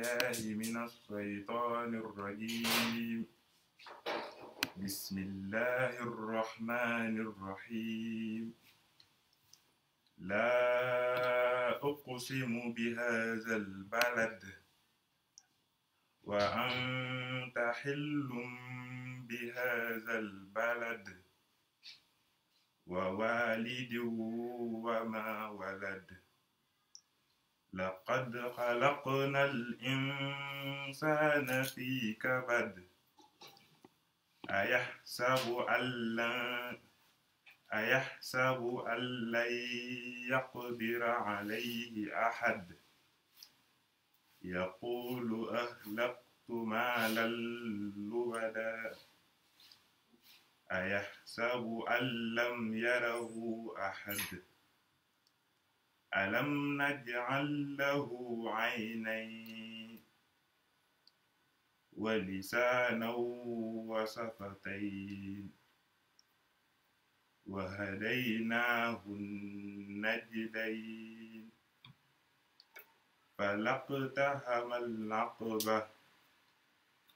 بالله من الشيطان الرجيم بسم الله الرحمن الرحيم لا أقسم بهذا البلد وأنت حل بهذا البلد ووالد وما ولد لقد خلقنا الإنسان في كبد أيحسب أن أيحسب أن لن يقدر عليه أحد يقول أهلكت مالا لبدا أيحسب أن لم يره أحد ألم نجعل له عينين ولسانا وشفتين وهديناه النجدين فلاقتحم العقبة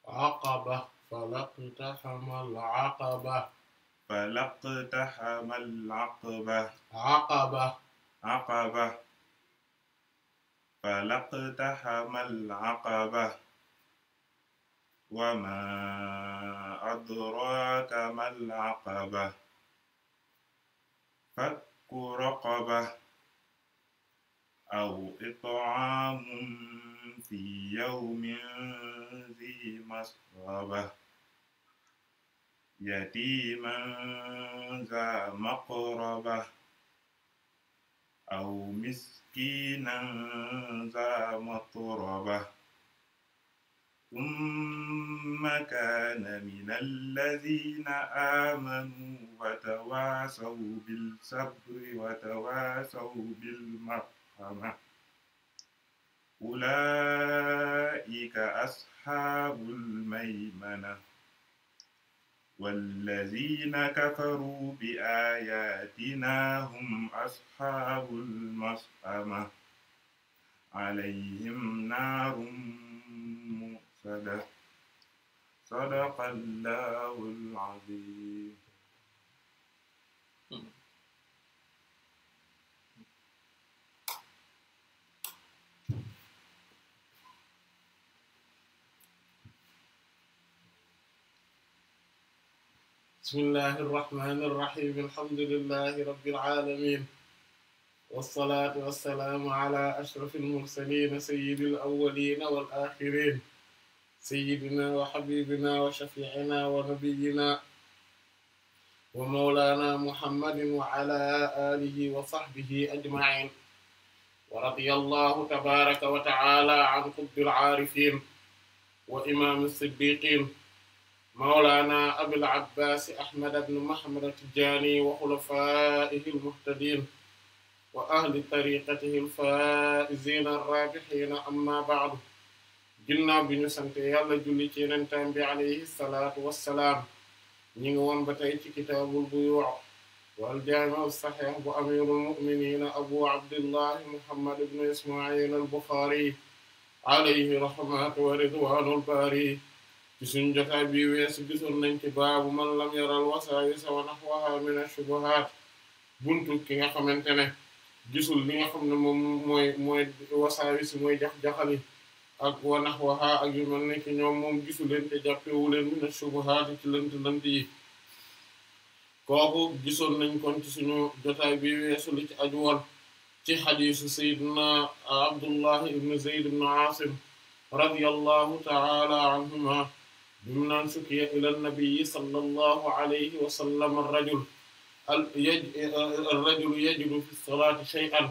عقبة فلاقتحم العقبة فلاقتحم العقبة عقبة عقبة فلا اقتحم العقبة وما أدراك ما العقبة فك رقبة أو إطعام في يوم ذي مسغبة يتيما ذا مقربة أو مسكينا ذا مطربة ثم كان من الذين آمنوا وتواسوا بالصبر وتواسوا بالمرحمة أولئك أصحاب الميمنة والذين كفروا بآياتنا هم أصحاب المصحمة عليهم نار مؤصدة صدق الله العظيم بسم الله الرحمن الرحيم الحمد لله رب العالمين والصلاة والسلام على أشرف المرسلين سيد الأولين والآخرين سيدنا وحبيبنا وشفيعنا ونبينا ومولانا محمد وعلى آله وصحبه أجمعين ورضي الله تبارك وتعالى عن قبض العارفين وإمام الصديقين مولانا أبي العباس أحمد بن محمد التجاني وخلفائه المهتدين وأهل طريقته الفائزين الرابحين أما بعد ginnaaw bi ñu sant yàlla julli ci yenentaan bi alayhi salaatu wassalaam ñi ngi woon ba tey ci kitaabul buyu' wal jaami'u saxiix bu amirul mu'miniina abu abdillahi muhammad ibnu ismail al buxaari alayhi rahmatu wa ridwaanul baari ci suñ jotaay bi weesu gisoon nañ ci baabu man la yaral wasaawisa wa nahwaha min ash-shubuhat ki nga xamante ne gisul li xam ne moom mooy mooy wasaawis mooy jax-jaxali ak wa nahwaha ak yu ne ci ñoom moom gisu leen te jàppewu leen min ash-shubuhat nañ kon ci suñu jotaay bi weesu li ci aju woon ci xadiisu sayyidina abdullahi ibn zayd ibn asim radiyallahu ta'ala anhuma من أن سكي إلى النبي صلى الله عليه وسلم الرجل الرجل يجد في الصلاة شيئا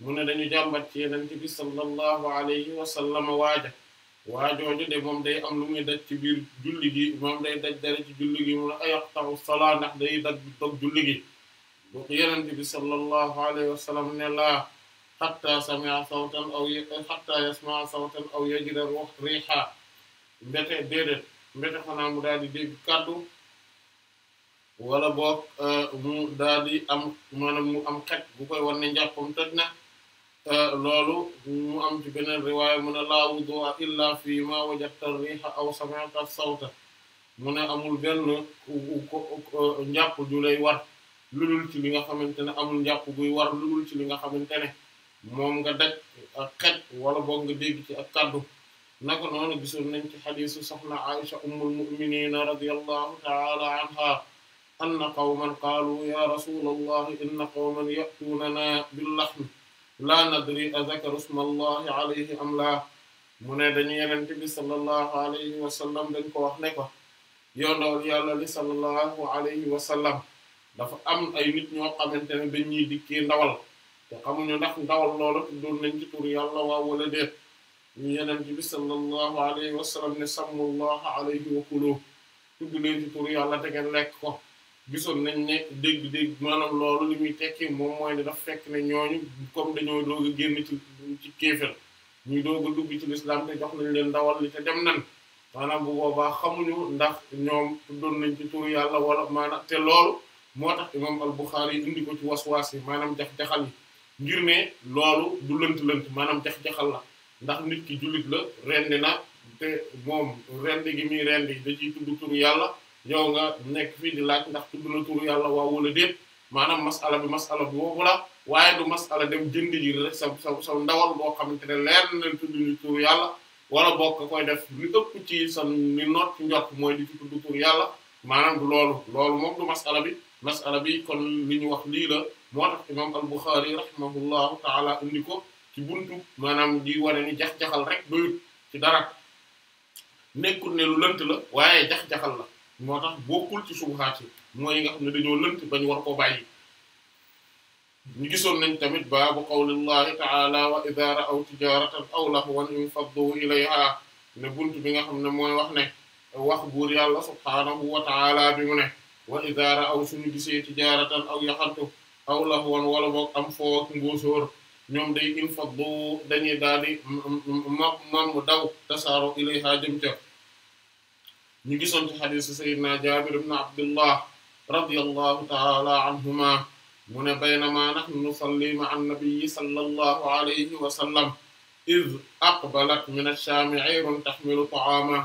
من أن يجمع النبي صلى الله عليه وسلم واجا واجا وجد من ذي أم لم يدك كبير جلجي من ذي دك درج جلجي من أيقطع الصلاة نحن ذي دك دك جلجي بقي النبي صلى الله عليه وسلم نلا حتى سمع صوتا أو حتى يسمع صوتا أو يجد روح ريحا بيت بيت mbete xanaa mu daal di dégg kàddu wala boog euh, mu daal am mu am xet bu koy wan ne njàppam toj na euh, loolu mu am ci beneen riwaaya mu ne laa wudu'a illa fi ma wajadta riha aw sami'ta sawta mu ne amul benn njàpp ju lay war lulul ci li nga xamante ne amul njàpp guy war lulul ci li nga xamante ne moom nga daj ak xet wala boog nga dégg ci ak kàddu نكون أنا بسورة نك حديث صحن عائشة أم المؤمنين رضي الله تعالى عنها أن قوما قالوا يا رسول الله إن قوما يأتوننا باللحم لا ندري أذكر اسم الله عليه أم لا من دنيا النبي صلى الله عليه وسلم دنك وحنك يوم دول يا الله صلى الله عليه وسلم دفع أم أي نت نو قمن تنبني دكين دول تقامن يدخل الله لولا تدور نجتور يا الله ولا ده ñu yenente bi sallallahu alayhi wa sallam ne sammullaha alayhi wa kulu tudd leen ci tur yàlla te ngeen lekk ko gisoon nañ ne dégg-dégg maanaam loolu li muy tekki moom mooy ne daf fekk ne ñooñu comme dañoo doog a génn ci ci kéefél ñuy doog a dugg ci lislaam te jox nañ leen ndawal li te dem nan maanaam bu boobaa xamuñu ndax ñoom tuddoon nañ ci tur yàlla wala maanaam te loolu moo tax imam al-Bukhari indi ko ci waswaas yi maanaam jax-jaxal yi ngir ne loolu du lënt-lënt maanaam jax-jaxal la ndax nit ki jullit la rendi na te moom rendi gi muy rendi da ciy tudd turu yàlla yow nga nekk fii di laaj ndax tudd na yàlla waaw wala déet maanaam masala bi masala boobu la waaye du masala dem jënd ji rek sa sa sa ndawal boo xamante ne leer na leen tudd ni yàlla wala boo ko koy def li ëpp ci sa ni noot ci mooy di ci tudd turu yàlla maanaam du loolu loolu moom du masala bi masala bi kon li ñu wax lii la moo tax imam al Bukhari rahimahullahu taala indi ko ci buntu manam di wone ni jax-jaxal rek du ci dara nekkul ne lu leunt la waye jax-jaxal la motax bokul bokkul ci subuhaat yi nga xamne dañu leunt bañ war ko bayyi ñu gisoon nañ tamit babu qawlillahi ta'ala wa idha ra'aw tijaratan aw lahwan infaddu ilayha ne buntu bi nga xamne moy wax ne wax bur yalla subhanahu wa ta'ala bi mu ne wa idha ra'aw sunu gisee tijaratan aw yaxantu aw lahwan wala bok am fo ak ñom day infaddu dañuy daal di mam mu daw tasaaro ilayha jëm ci ñu gisoon ci hadith sayyidina jabir ibn abdullah radiyallahu ta'ala anhuma mun ne baynama nahnu nusalli ma'a an-nabiyyi sallallahu alayhi wa sallam إذ أقبلت من الشام عير تحمل طعاما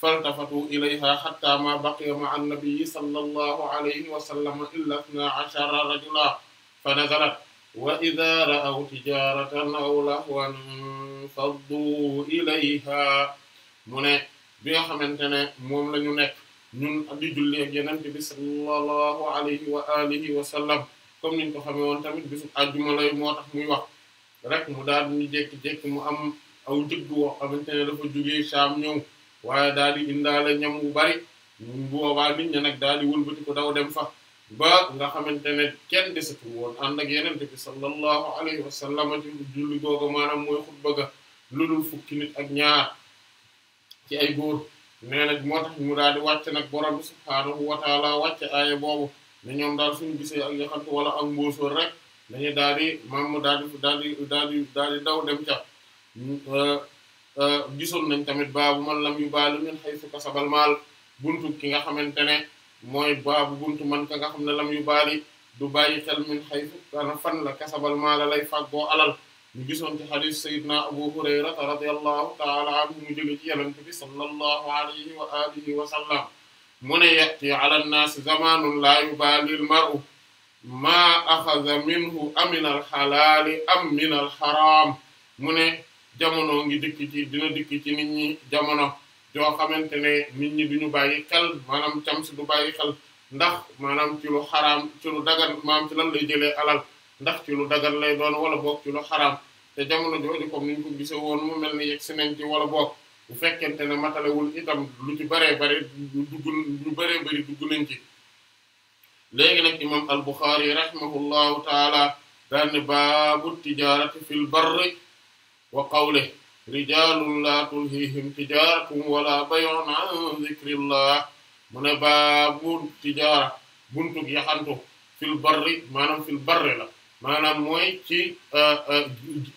فالتفتوا إليها حتى ما بقي مع nabiyyi sallallahu alayhi wa sallam illa 12 عشر fa nazalat wa idha ra'aw tijaratan aw lahwan faddu ilayha mu ne bi xamante ne moom la ñu nekk ñun di julli ak yenente bi sallallahu alayhi wa alihi wa sallam comme niñ ko xamee woon tamit bisu àjjuma lay moo tax muy wax rek mu daal di jékki mu am aw jëgg woo xamante ne dafa jógee saam ñëw waaye daal di indaale ñam wu bari bu boobaa nit ñi nag daal di wëlbati ko daw dem fa ba nga xamante ne kenn desatu woon ànd ak yenente bi sallallahu alayhi wa sallam ci julli googa maanaam mooy xutba ga lu dul fukki nit ak ñaar ci ay góor nee na moo tax mu daal di wàcc nag borom bi subhaanahu wa taala wàcce aaya boobu ne ñoom daal suñu gisee ak yaxantu wala ak mbóosóor rek dañu daal di maam mu daal di daal daal di daal di daw dem ca euh, euh, gisoon nañ tamit baabu man lam yu baali min haythu kasabal maal buntu ki nga xamante ne moy babu buntu man ka nga xamne lam yu bari du bàyyi xel min xaytu dana fan la kasabal maala lay fago alal ni gisoon ci hadith sayidna abu hurayra radiyallahu taala anhu mu jóge ci yalan tabi sallallahu alayhi wa alihi wa sallam mun yati ala an-nas zamanun la yubali al maru ma akhadha minhu amina al-halal am min al-haram mun jamono ngi dik ci dina dik ci nit ñi jamono jo xamantene ne nit ñi duñu manam xel manam cham ci du bayyi xel ndax manam ci lu haram ci lu dagal manam ci lan lay jëlee alal ndax ci lu dagal lay doon wala bok ci lu haram te jamono joju ko niñ ko gisee won mu melni ni yegg nañ ci wala bok bu fekkente ne wul itam lu ci bare bare lu bare bari dugg nañ ci legi nak imam al Bukhari, rahimahullahu taala dan ne tijarati fil barri wa qawlihi rijalun la tulhihim tijaratun wala bay'un an dhikrillah mu ne baabul tijaara buntu yaxantu fil barri maanaam fil barri la maanaam mooy ci euh, euh,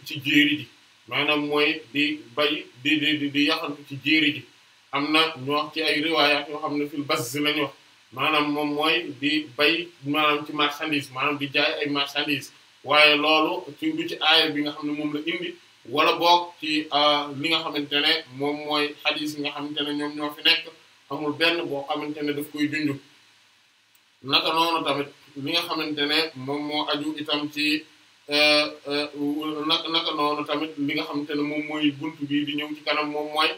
ci jéeri maanaam mooy di bay di di di yaxantu ci jéeri ji am na ñu ci ay riwaayaat yoo xam ne fil bazz lañu wax maanaam moom mooy di bay maanaam ci marchandise maanaam di jaay ay marchandise waaye loolu ci du ci bi nga xam ne moom la indi wala boog ci euh, li nga xamante ne moom mooy xadis yi nga xamante ne ñoom ñoo fi nekk amul benn boo xamante ne daf koy junj naka noonu tamit li nga xamante ne moom moo aju itam ci euh, euh, naka naka tamit li nga xamante ne moom mooy buntu bi di ñëw ci kanam moom mooy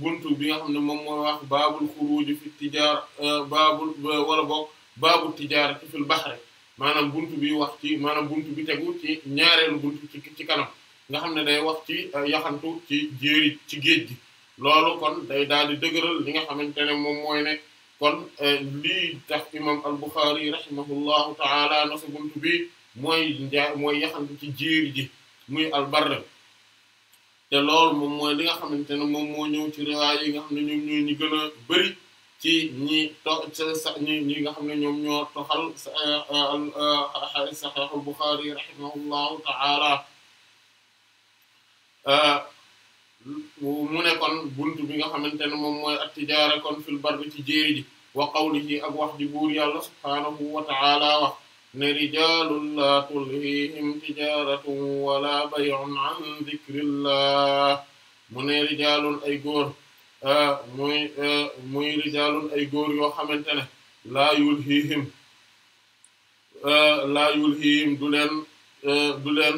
buntu bi nga xam ne moom mooy wax baabul xuruuj fi tijaar baabul wala boog baabul tijaar fil baxre maanaam buntu bi wax ci maanaam buntu bi tegu ci ñaareelu buntu ci ci kanam nga xamne day wax ci euh, yaxantu ci jeri ci géej lolu kon day daldi deugural li nga xamantene mom moy ne kon euh, li tax imam al-Bukhari rahimahullahu ta'ala nasa buntu bi moy njaa yaxantu ci jeri ji muy barr te lolu mom moy li nga xamantene mom mo ñew ci riwaya yi nga xamne ñoom ñoy ñi gëna bari ci ñi to sa ñi ñi nga xamne ñoom ñoo toxal euh, al-Bukhari rahimahullahu ta'ala Euh, mu ne kon buntu bi nga xamante ne moom mooy at-tijaara kon fil barri ci jéeri ji wa qawlihi ak wax ji buur yàlla subhaanahu wa ta'ala wax ne rijalun la tulhihim tijaratun wala bay'un an dhikrillah mu ne ay góor euh, muy euh, muy rijalun ay góor yoo xamante ne laa yulhihim du leen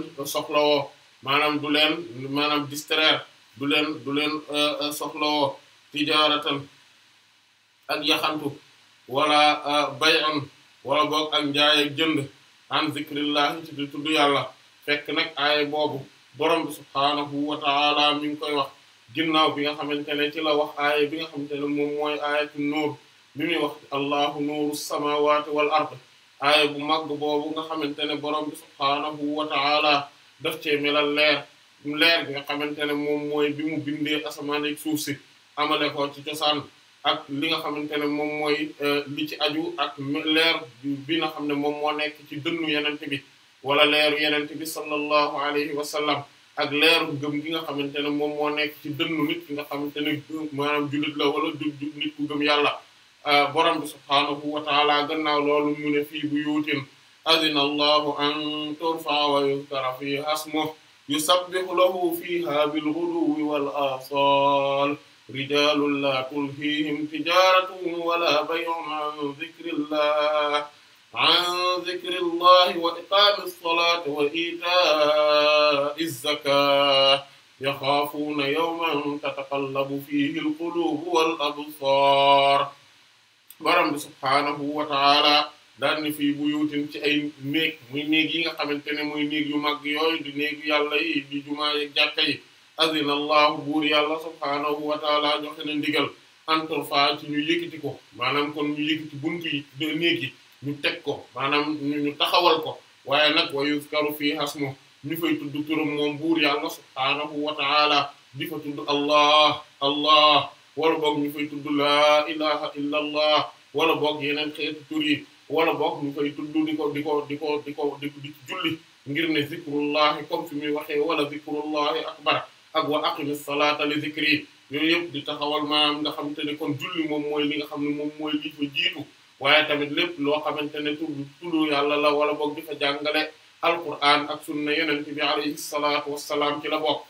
maanaam du leen maanaam distraire du leen du leen euh, euh, soxlawoo tijaaratan ak yaxantu wala euh, bay'an wala boog ak njaay ak jënd an zikrillah ci di tudd yàlla fekk nag aaya boobu borom bi subhaanahu wa ta'ala mi ngi koy wax ginnaaw bi nga xamante ne ci la wax aaya bi nga xamante ne moom mooy aayatu nuur bi muy wax allahu nuuru samawati wal ard bu mag boobu nga xamante ne borom bi subhaanahu wa daf mi la leer leer bi nga xamante ne moom mooy bi mu bindee asamaan ak suuf si amale ko ci cosaan ak li nga xamante ne moom mooy euh, li ci aju ak leer bi nga xam ne moom moo nekk ci dënnu yenente bi wala leeru yenente bi sallallahu alayhi ak leeru gëm gi nga xamante ne moom moo nekk ci dënnu nit ki nga xamante ne maanaam jullit la wala du nit ku gëm yàlla euh, borom bi subhaanahu wa taala gannaaw loolu mu ne fii bu أذن الله أن ترفع ويذكر فيها اسمه يسبح له فيها بالغلو والآصال رجال لا تلهيهم تجارة ولا بيع عن ذكر الله عن ذكر الله وإقام الصلاة وإيتاء الزكاة يخافون يوما تتقلب فيه القلوب والأبصار برم سبحانه وتعالى dal ni fi bu yuutin ci ay néeg muy néeg yi nga xamantene ne muy néeg yu mag yooyu di néegu yàlla yi di jumaa yeeg jàkka yi azina allahu buur yàlla subhanahu wa taala joxe na ndigal antur fa ci ñu yëkkati ko maanaam kon ñu yëkkati buntu yi de néeg yi ñu teg ko maanaam ñu taxawal ko waaye nag wa yuzkaru fi hasmu ñu fay tudd turam moom buur yàlla subhanahu wa taala di fa tudd allah allah wala boog ñu fay tudd la ilaha illa allah wala boog yeneen xeetu tur yi wala boog ñu koy tudd di ko di ko di ko di ko di julli ngir ne zikrullahi comme fi muy waxee wala zikrullahi akbar ak wa aqimi salata li zikri yooyu yëpp di taxawal maanaam nga xamante ne kon julli moom mooy li nga xam ne moom mooy li fa jiitu waaye tamit lépp loo xamante ne tudd tudd yàlla la wala boog di fa jàngale alquran ak sunna yonent bi alayhi salaatu wassalaam ci la bokk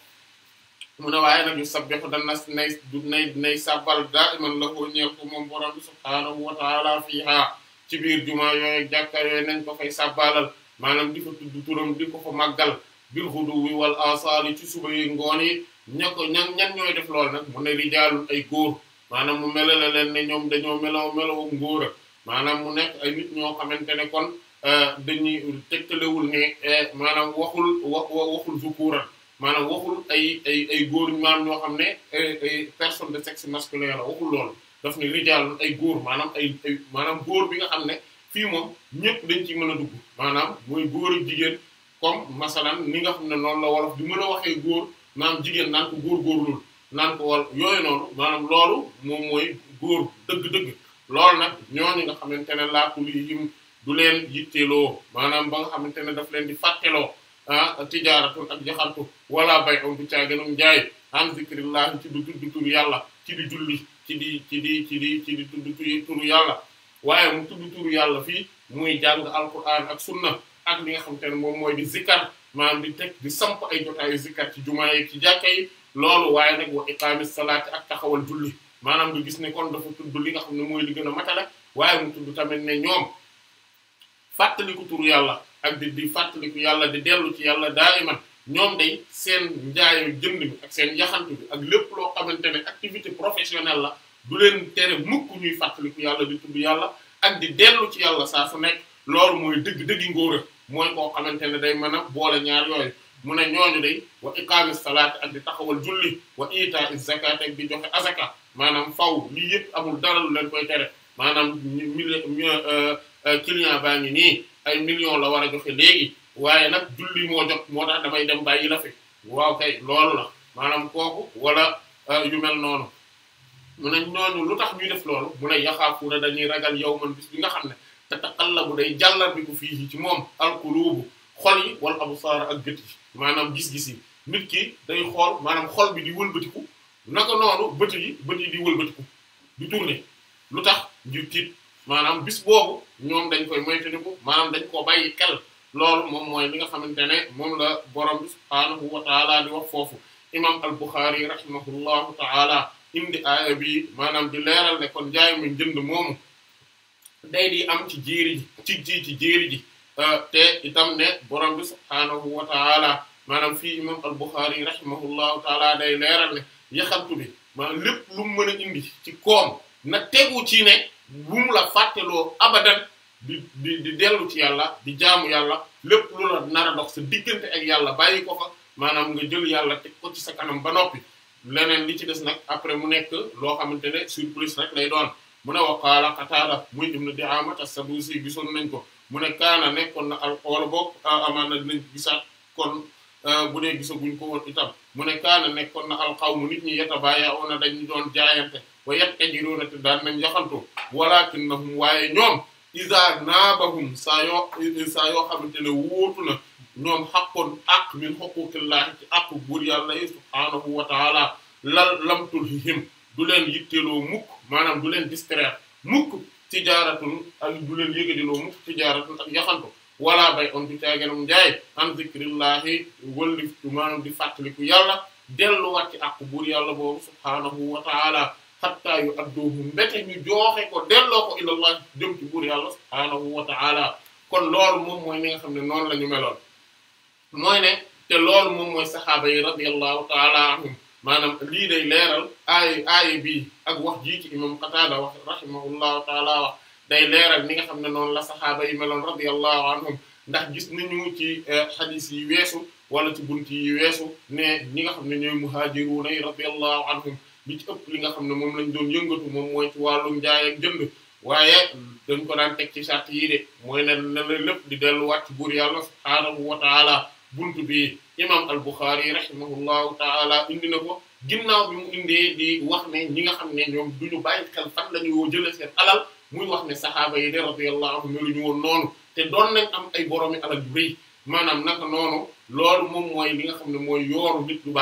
mu ne waaye nag yu sabbihu dana nay nay nay sabbal daiman lahu ñeel ko moom borom bi subhaanahu wa taala fiiha ci biir jumaa yooyu jàkka yooyu nañ ko fay sàbbaalal maanaam di fa tudd turam di ko fa màggal bil xuduwi wal asaali ci suba yi ngoon yi ña ko ñan ñan ñooy def lool nag mu ne rijaalul ay góor maanaam mu melala leen ne ñoom dañoo melaw melawu ngóor a maanaam mu nekk ay nit ñoo xamante ne kon euh, dañuy tegtalewul ne euh, maanaam waxul wa waxul zukuran maanaam waxul ay ay ay góor maanaam ñoo xam ne personne de sexe masculin la waxul loolu daf ni rijaalun ay góor maanaam ay maanaam góor bi nga xam ne fii moom ñëpp dañ ci mën a dugg maanaam mooy góor ak jigéen comme masalan ni nga xam ne noonu la wolof di mën a waxee góor maanaam jigéen naan ko góor góorlul naan ko wal yooyu noonu maanaam loolu moom mooy góor dëgg-dëgg loolu nag ñooñu nga xamante ne laakul yi yim du leen yitteeloo maanaam ba nga xamante ne daf leen di fàtteloo ah tijaaratun ak jaxartu wala bay on bu caaganum jaay am zikrillah ci du yàlla ci di julli ci di ci di ci di ci di tudd turu yàlla waaye mu tudd turu yàlla fii muy jàng alquran ak sunna ak li nga xam te ne moom mooy di zikkar maanaam di teg di samp ay jotaayu zikkar ci jumaa yi ci jàkka yi loolu waaye nag wa iqaamis salaati ak taxawal julli maanaam nga gis ne kon dafa tudd li nga xam ne mooy li gën a matale waaye mu tudd tamit ne ñoom fàttaliku turu yàlla ak di di fàttaliku yàlla di dellu ci yàlla daa iman ñoom day seen njaayu jënd bi ak seen yaxantu bi ak lépp loo xamante ne activité professionnelle la du leen tere mukk ñuy fàttaliku yàlla di tudd yàlla ak di dellu ci yàlla saa su nekk loolu mooy dëgg-dëggi ngóora mooy koo xamante ne day mën a boole ñaar yooyu mun ne ñooñu day wa iqaami salaat ak di taxawal julli wa itaa zakaat ak di joxe azaka maanaam faw lii yëpp amul dara lu leen koy tere maanaam euh, euh, client baa ngi nii ay millions la war a joxe léegi waaye nag julli moo jot moo tax damay dem bàyyi la fi waaw kay loolu la maanaam kooku walla euh, yu mel noonu mu ne ñooñu lu tax ñuy def loolu mu ne yaxaafuuna dañuy ragal yawman bis bi nga xam ne te taqallabu day jàllar bi ko fii ci moom alquluubu xol yi wala absaar ak gët maanaam gis-gis yi nit ki day xool maanaam xol bi di wëlbatiku naka noonu bëti yi bët yi di wëlbatiku di tourner lu tax ngir tiit maanaam bis boobu ñoom dañ koy moytandiku maanaam dañ koo bàyyi xel loolu mom moy li nga xamantene mom la borom subhanahu wa taala di wax fofu imam al Bukhari rahimahullahu taala indi aaya manam di leral ne kon jaay mu jënd mom day di am ci jiri ci ci ci jiri ji euh te itam ne borom subhanahu wa taala manam fi imam al Bukhari rahimahullahu taala day leral ne yaxaltu bi man lépp lu mu meuna indi ci koom na teggu ci ne bu mu la fatelo abadan di di di dellu ci yàlla di jaamu yàlla lépp lu la nar dox sa diggante ak yàlla bàyyi ko ko maanaam nga jël yàlla teg ko ci sa kanam ba noppi leneen li ci des nag après mu nekk loo xamante ne surprise rek lay doon mu ne wa qaala Qataada muy ibn Di'aama as bi soon nañ ko mu ne kaana nekkoon na al wala boog ah, amaan na dinañ gisaat kon ah, bu dee gisaguñ ko woon itam mu ne kaana nekkoon na alqawmu nit ñi yatabaaya'uuna dañu doon jaayante wa yatajiruuna te daan nañ yaxantu walaakinnahum waaye ñoom. isa naabahum saa yoo saa yoo xamante ne wóotu na ñoom xaqoon aq min xuquqillaahi ci aq buur yàlla yi subhaanahu wa taala lal lamtul him du leen yitteeloo mukk maanaam du leen distraire mukk tijaaratun ak du leen yëgadiloo mukk tijaaratun ak yaxantu wala bay on du caaganam njaay an zikrillahi wëllif maanaam di fàttaliku yàlla delluwaat ci aq buur yàlla boobu subhaanahu wa hatta yu adduhu mbete ñu joxe ko delloo ko ila allah dem ci bur yàlla subhanahu wa ta'ala kon lool mom moy nga xamne non lañu melol moy ne te lool mom moy sahaba yi radiyallahu ta'ala manam li day leral ay ay bi ak wax ji ci imam Qataada wax rahimahullahu ta'ala wax day leral mi nga xamne non la sahaba yi meloon radiyallahu anhum ndax gis nañu ci hadith yi wessu wala ci bunti yi wessu ne ñi nga xamne ñoy muhajiruna muhaajiruuna yi radiyallahu anhum li ëpp li nga xam ne moom lañ doon yëngatu moom mooy ci wàllum jaay jënd waaye dañ ko daan teg ci sart yii de mooy ne na lépp di delluwaat ci buur yàlla subhaanahu wa taala buntu bi imam al Bukhari rahimahullahu taala indi na ko ginnaaw bi mu indee di wax ne ñi nga xam ne ñoom du ñu bàyyi xel fan la ñu woo jëlee seen alal muy wax ne saxaaba yi de radiyallahu anhum melu ñu woon noonu te doon nañ am ay boroomi alal yu rëy maanaam naka noonu loolu moom mooy li nga xam ne mooy yooru nit lu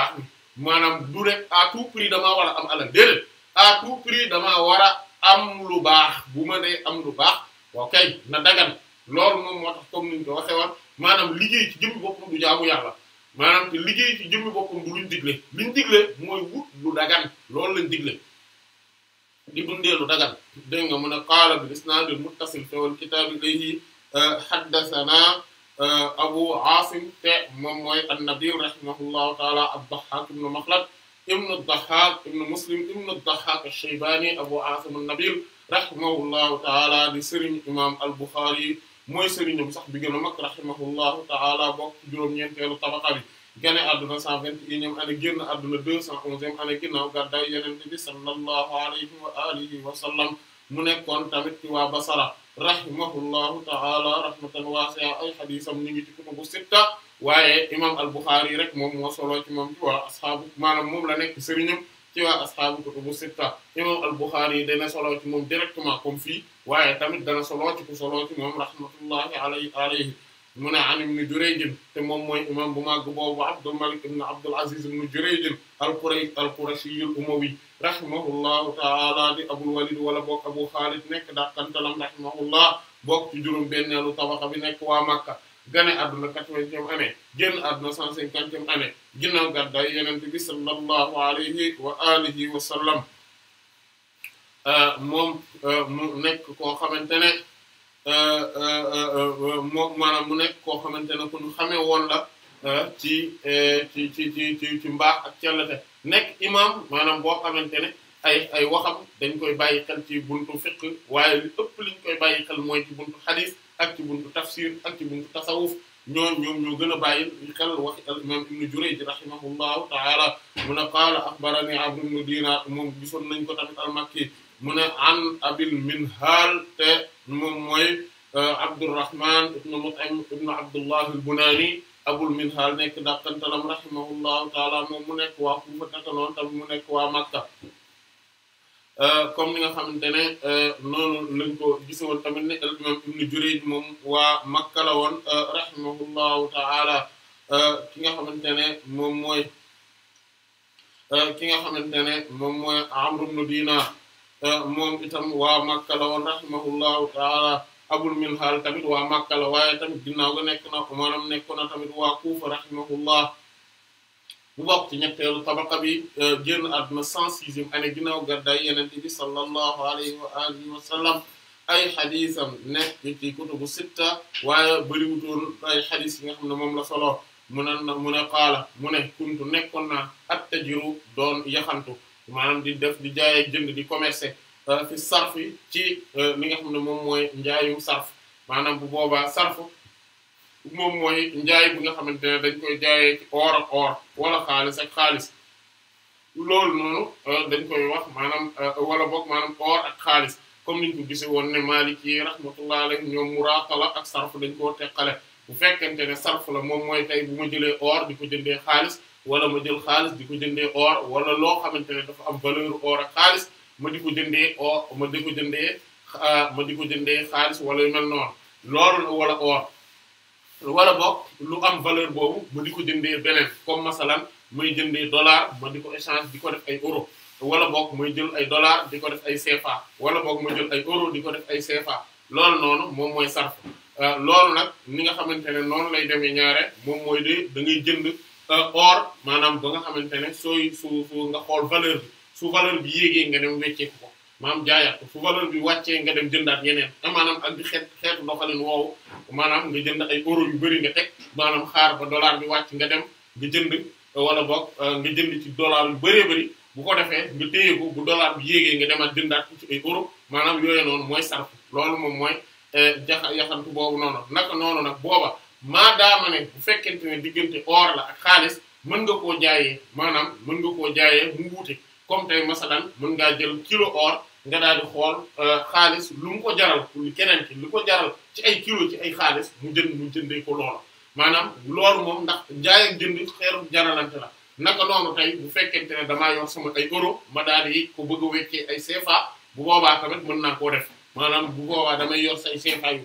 maanaam du rek à tout prix damaa war a am alal déedéet à tout prix damaa war a am lu baax bu ma dee am lu baax ok na dagan loolu moom moo tax comme ni ñu ko waxee woon maanaam liggéey ci jëmmi boppam du jaamu yàlla maanaam liggéey ci jëmmi boppam du luñ digle liñ digle mooy wut lu dagan loolu lañ digle di dundee lu dagan dégg nga mun a bi bil isnaadil muttasil fil kitaabi ilayhi euh, haddathana abu asim te moom mooy an rahimahullahu taala abdahak ibn Makhlad ibn ad ibn Muslim ibn ad-Dahhak ash-Shaybani abu asim an-Nabil rahimahullahu taala di sëriñ imam al-Bukhari mooy sëriñam sax bi gën a mag rahimahullahu taala bokk juróom-ñeenteelu tabaqa bi gane àdduna 121e année génn àdduna 211e année ginnaaw gàddaay Yonent bi sallallahu alayhi wa alihi wa sallam mu nekkoon tamit ci waa Basra rahimahullahu ta'ala rahmatan wasi'a ay xadisam ñu ngi ci kutubu sitta waaye imam al-Bukhari rek moom moo solo ci moom ci waa asxaabu maanaam moom la nekk sëriñam ci waa asxaabu kutubu sitta imam al-Bukhari dana solo ci moom directement comme fii waaye tamit dana solo ci ku solo ci moom rahmatullahi alayhi alayhi mu ne an ibn Jurayj te moom mooy imam bu màgg boobu Abdul Malik ibn Abdul Aziz ibn Jurayj al-Qurashi al-Qurashi al-Umawi rahimahullahu taala di abul walid wala bokk abu xaalid nekk dàqantalam rahimahullah bokk ci juróom benneelu tabaxa bi nek waa makka gane àdduna quatre-vingtième année génn àdduna cent cinquantième année ginnaaw gàddaay yonent bi sallallahu alayhi wa alihi wa sallam euh, moom euh, mu nekk koo xamante ne euh, moom maanaam mu nekk koo xamante ne ku ñu xamee woon la ci ci ci ci ci mbaax ak cellate nek imam manam bo xamantene ay ay waxam dañ koy bàyyi xel ci buntu fiqh waye li ëpp liñ koy bàyyi xel moy ci buntu hadith ak ci buntu tafsir ak ci buntu tasawuf ñoom ñoom ñoo gëna bàyyi xel wax al imam ibnu Jurayj rahimahullahu ta'ala mu qala akhbarani abdu mudina ibnu gisoon nañ ko tamit al-Makki mu an abil Minhal te moom moy Abdurrahman ibn Mut'im ibn Abdullah al-Bunani abul minhaal nekk dàqantalam rahimahullahu taala moom mu nekk waa Kufa mu nekk waa Makka euh, comme ni nga xamante ne euh, noonu lañ ko gise woon tamit ne al-imam ibnu Makka la woon euh, rahimahullahu taala ki nga xamante ne moom mooy ki nga xamante ne moom mooy Amr ibnu itam waa Makka la woon rahimahullahu taala abul minhaal tamit waa Makka la waaye tamit ginnaaw ga nekk na maanaam nekk na tamit waa Kufa rahimahullah bu bokk ci ñetteelu tabaqa bi euh, génn àdduna cent sixième année ginnaaw gàddaay Yonent bi sallallahu alayhi wa alihi wa sallam ay xadiisam nekk ci kutubu sitta waaye bariwutoon ay xadiis yi nga xam ne moom la solo mu ne mu ne qaala mu ne kuntu nekkoon naa attajiru doon yaxantu maanaam di def di jaay ak jënd di commercer. Euh, fi sarfi ci euh, li nga xam ne moom mooy njaayu sarf maanaam bu boobaa sarf moom mooy njaay bi nga xamante ne dañ koy jaayee ci or ak or wala xaalis ak xaalis loolu noonu euh, dañ koy wax maanaam wala boog maanaam or ak xaalis comme niñ ko gisee woon ne Maliki rahmatullah alayhi ñoom muraaqala ak sarf dañ koo teqale bu fekkente ne sarf la moom mooy tey bu ma jëlee or di ko jëndee xaalis wala ma jël xaalis di ko jëndee or wala loo xamante ne dafa am valeur or ma di ko jëndee oo ma di ko jëndee ma di ko jëndee xaalis wala yu mel noonu loolu la wala or wala boog lu am valeur boobu ma di ko jëndee beneen comme masalan may jëndee dollar ma di ko échange di ko def ay euro wala boog may jël ay dollar di ko def ay CFA wala boog ma jël ay euro di ko def ay CFA loolu noonu moom mooy sarf euh, loolu nag ni nga xamante ne noonu lay demee ñaare moom mooy de da ngay jënd euh, or maanaam ba nga xamante ne sooy su nga xool valeur bi fu valeur bi yéegee nga dem weccee ko maanaam jaayaat ko fu bi wàccee nga dem jëndaat yeneen maanaam ak di xeet xeetu doxalin woowu maanaam nga jënd ay euro yu bëri nga teg maanaam xaar ba dollar bi wàcc nga dem nga jënd wala boog euh, nga jënd ci dollar yu bëri bëri bu ko defee nga téye ko bu dollar bi yéegee nga demaat jëndaat ci ay euro maanaam yooyu noonu mooy sarf loolu moom mooy euh, jaxa yaxantu boobu noonu naka noonu nag booba maadaama ne bu fekkente ne diggante or la xaalis mën nga koo jaayee maanaam mën nga koo jaayee mu comme tey masalaan mën ngaa jël kilo or nga daal di xool euh, xaalis lu mu ko jaral keneen ki lu ko jaral ci ay kilo ci ay xaalis mu jënd mu jëndee ko loola maanaam loolu moom ndax jaay ak jënd xeeru jaralante la naka noonu tey bu fekkente ne damaa yor sama ay euro ma daal di ko bëgg a weccee ay CFA bu boobaa tamit mën naa koo def maanaam bu boobaa damay yor say CFA yu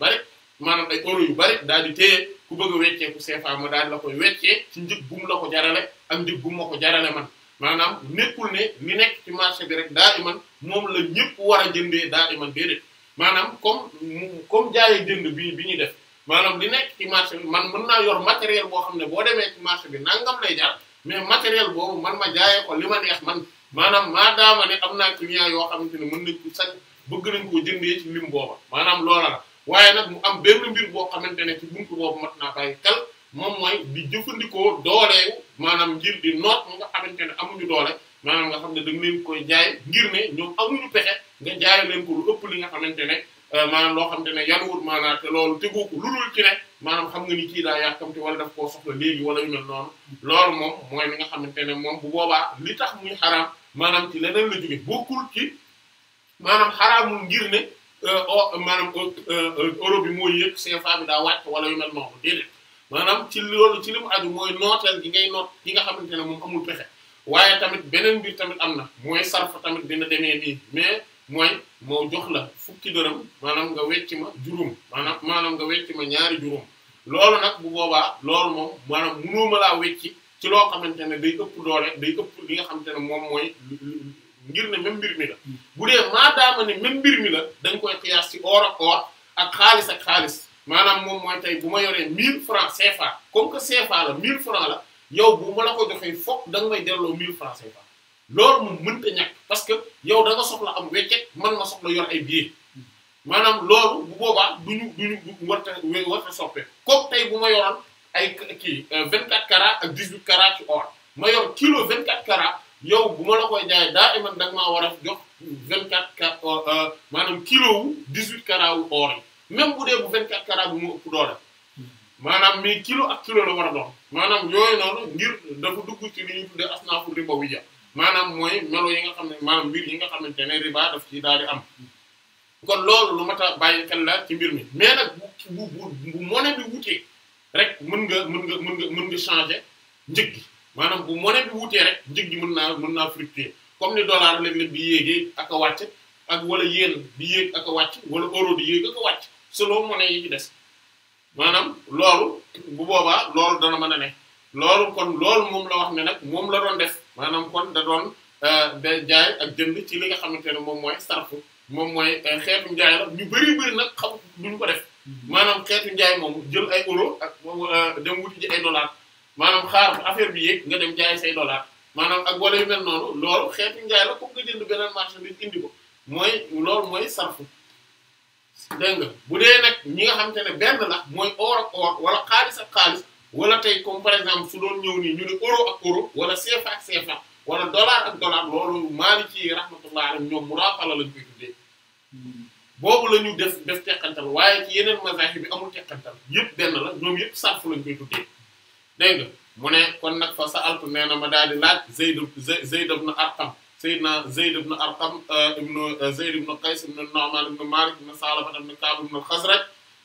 maanaam ay euro yu bari daal di téye ku bëgg a weccee ku ma daal di la koy weccee ci njëg bu mu la ko jarale ak njëg bu mu ko jarale man. maanaam nekkul ne li nekk ci marché bi rek daa iman moom la ñëpp war a jëndee daa iman déedéet maanaam comme comme jaayee jënd bi bi ñuy def maanaam li nekk ci marché bi man mën naa yor matériel boo xam ne boo demee ci marché bi nangam lay jar mais matériel boobu man ma jaaye ko li ma neex man maanaam maa daama ne am naa client yoo xamante ne mën nañ ko sax bëgg nañ koo jëndee ci lim booba maanaam loola la waaye nag mu am benn mbir boo xamante ne ci buntu boobu mat moom mooy di jëfandikoo dooleewu maanaam ngir di noot mu nga xamante ne amuñu doole maanaam nga xam ne da leen koy jaay ngir ne ñoom amuñu pexe nga jaay leen ko ëpp li nga xamante ne euh, maanaam loo xamante ne yanuwut maanaam te loolu tegu ko ludul ci maanaam xam nga ni kii daa yàkkamti wala daf koo soxla léegi wala yu mel noonu loolu moom mooy li nga xamante ne moom bu boobaa li tax muy xaraam maanaam ci leneen la jóge bokkul ci maanaam xaraamul ngir ne euh, o maanaam euh, euro bi mooy si CFA bi daa wàcc wala yu mel noonu maanaam ci loolu ci li mu aju mooy nooteel gi ngay noot yi nga xamante ne moom amul pexe waaye tamit beneen mbir tamit am na mooy sarfa tamit dina demee nii mais mooy moo jox la fukki dërëm maanaam nga wecc ma juróom maanaam maanaam nga wecci ma ñaari juróom loolu nag bu boobaa loolu moom maanaam mënoo ma laa wecci ci loo xamante ne day ëpp doole day ëpp li nga xamante ne moom mooy ngir ne même mbir mi la bu dee maadaama ne même mbir mi la dañ koy xiyaas ci or ak or xaalis maanaam moom mooy tey bu ma yoree 1000 francs CFA comme que CFA la 1000 francs la yow bu ma la ko joxee fokk danga nga may delloo 1000 francs loolu moom mënta parce que yow da nga soxla am weccet man ma soxla yor ay billets maanaam loolu bu boobaa duñu duñu warta warta soppee comme tey bu ma yoroon ay kii 24 euh, carats ak 18 carats ci or ma yor kilo 24 carats yow bu ma la koy jaayee daa iman da nga war a jox 24 carats euh, euh, maanaam kilo wu 18 carats wu or yi même bu dee bu 24 carats bi mu doole maanaam mais kilo ak kilo la war a doon maanaam yooyu noonu ngir dafa dugg ci li ñuy tuddee asnaafu ribawiyya maanaam mooy melo yi nga xam ne maanaam mbir yi nga xamante ne riba daf ci daal di am kon loolu lu mat a bàyyi xel la ci mbir mi mais nag bu bu bu monnaie bi wutee rek mën nga mën nga mën nga mën nga changer njëg gi maanaam bu monnaie bi wutee rek njëg gi mën naa mën naa fluctuer comme ni dollar léeg-léeg di yéegee ak a ak wala yéen di wàcc wala euro di wàcc selon monnaie yi ci des maanaam loolu bu boobaa loolu dana mën a ne loolu kon loolu moom la wax ne nag moom la doon def maanaam kon da doon da euh, jaay ak jënd ci li nga xamante ne moom mooy sarfu moom mooy euh, xeetu njaay ñu bari nag xam duñu ko def mm-hmm. maanaam xeetu njaay moom jël ay euro ak euh, dem wuti ji ay dollars maanaam xaar affaire bi yéeg nga dem jaay say dollars maanaam ak wala yu mel noonu loolu xeetu njaay la comme nga jënd beneen marché bi indi ko mooy loolu mooy sarfu dégg nga bu dee nag ñi nga xam xamante ne benn la mooy or ak or wala xaalis ak xaalis wala tey comme par exemple su doon ñëw nii ñu ne euro ak euro wala CFA ak CFA wala dollar ak dollar loolu Maliki yi rahmatullah alayhi ñoom murafala lañ la ñu def def teqantal waaye yeneen mazahib bi amul teqantal yëpp benn la ñoom yëpp sarf lañ koy tuddee dégg nga mu ne kon nag fa sa nee na ma daal di laaj Zayd Zayd ibn Arqam سيدنا زيد بن أرقم آه، ابن آه، زيد بن قيس بن النعمان بن مالك بن سالم بن كعب بن الخزرج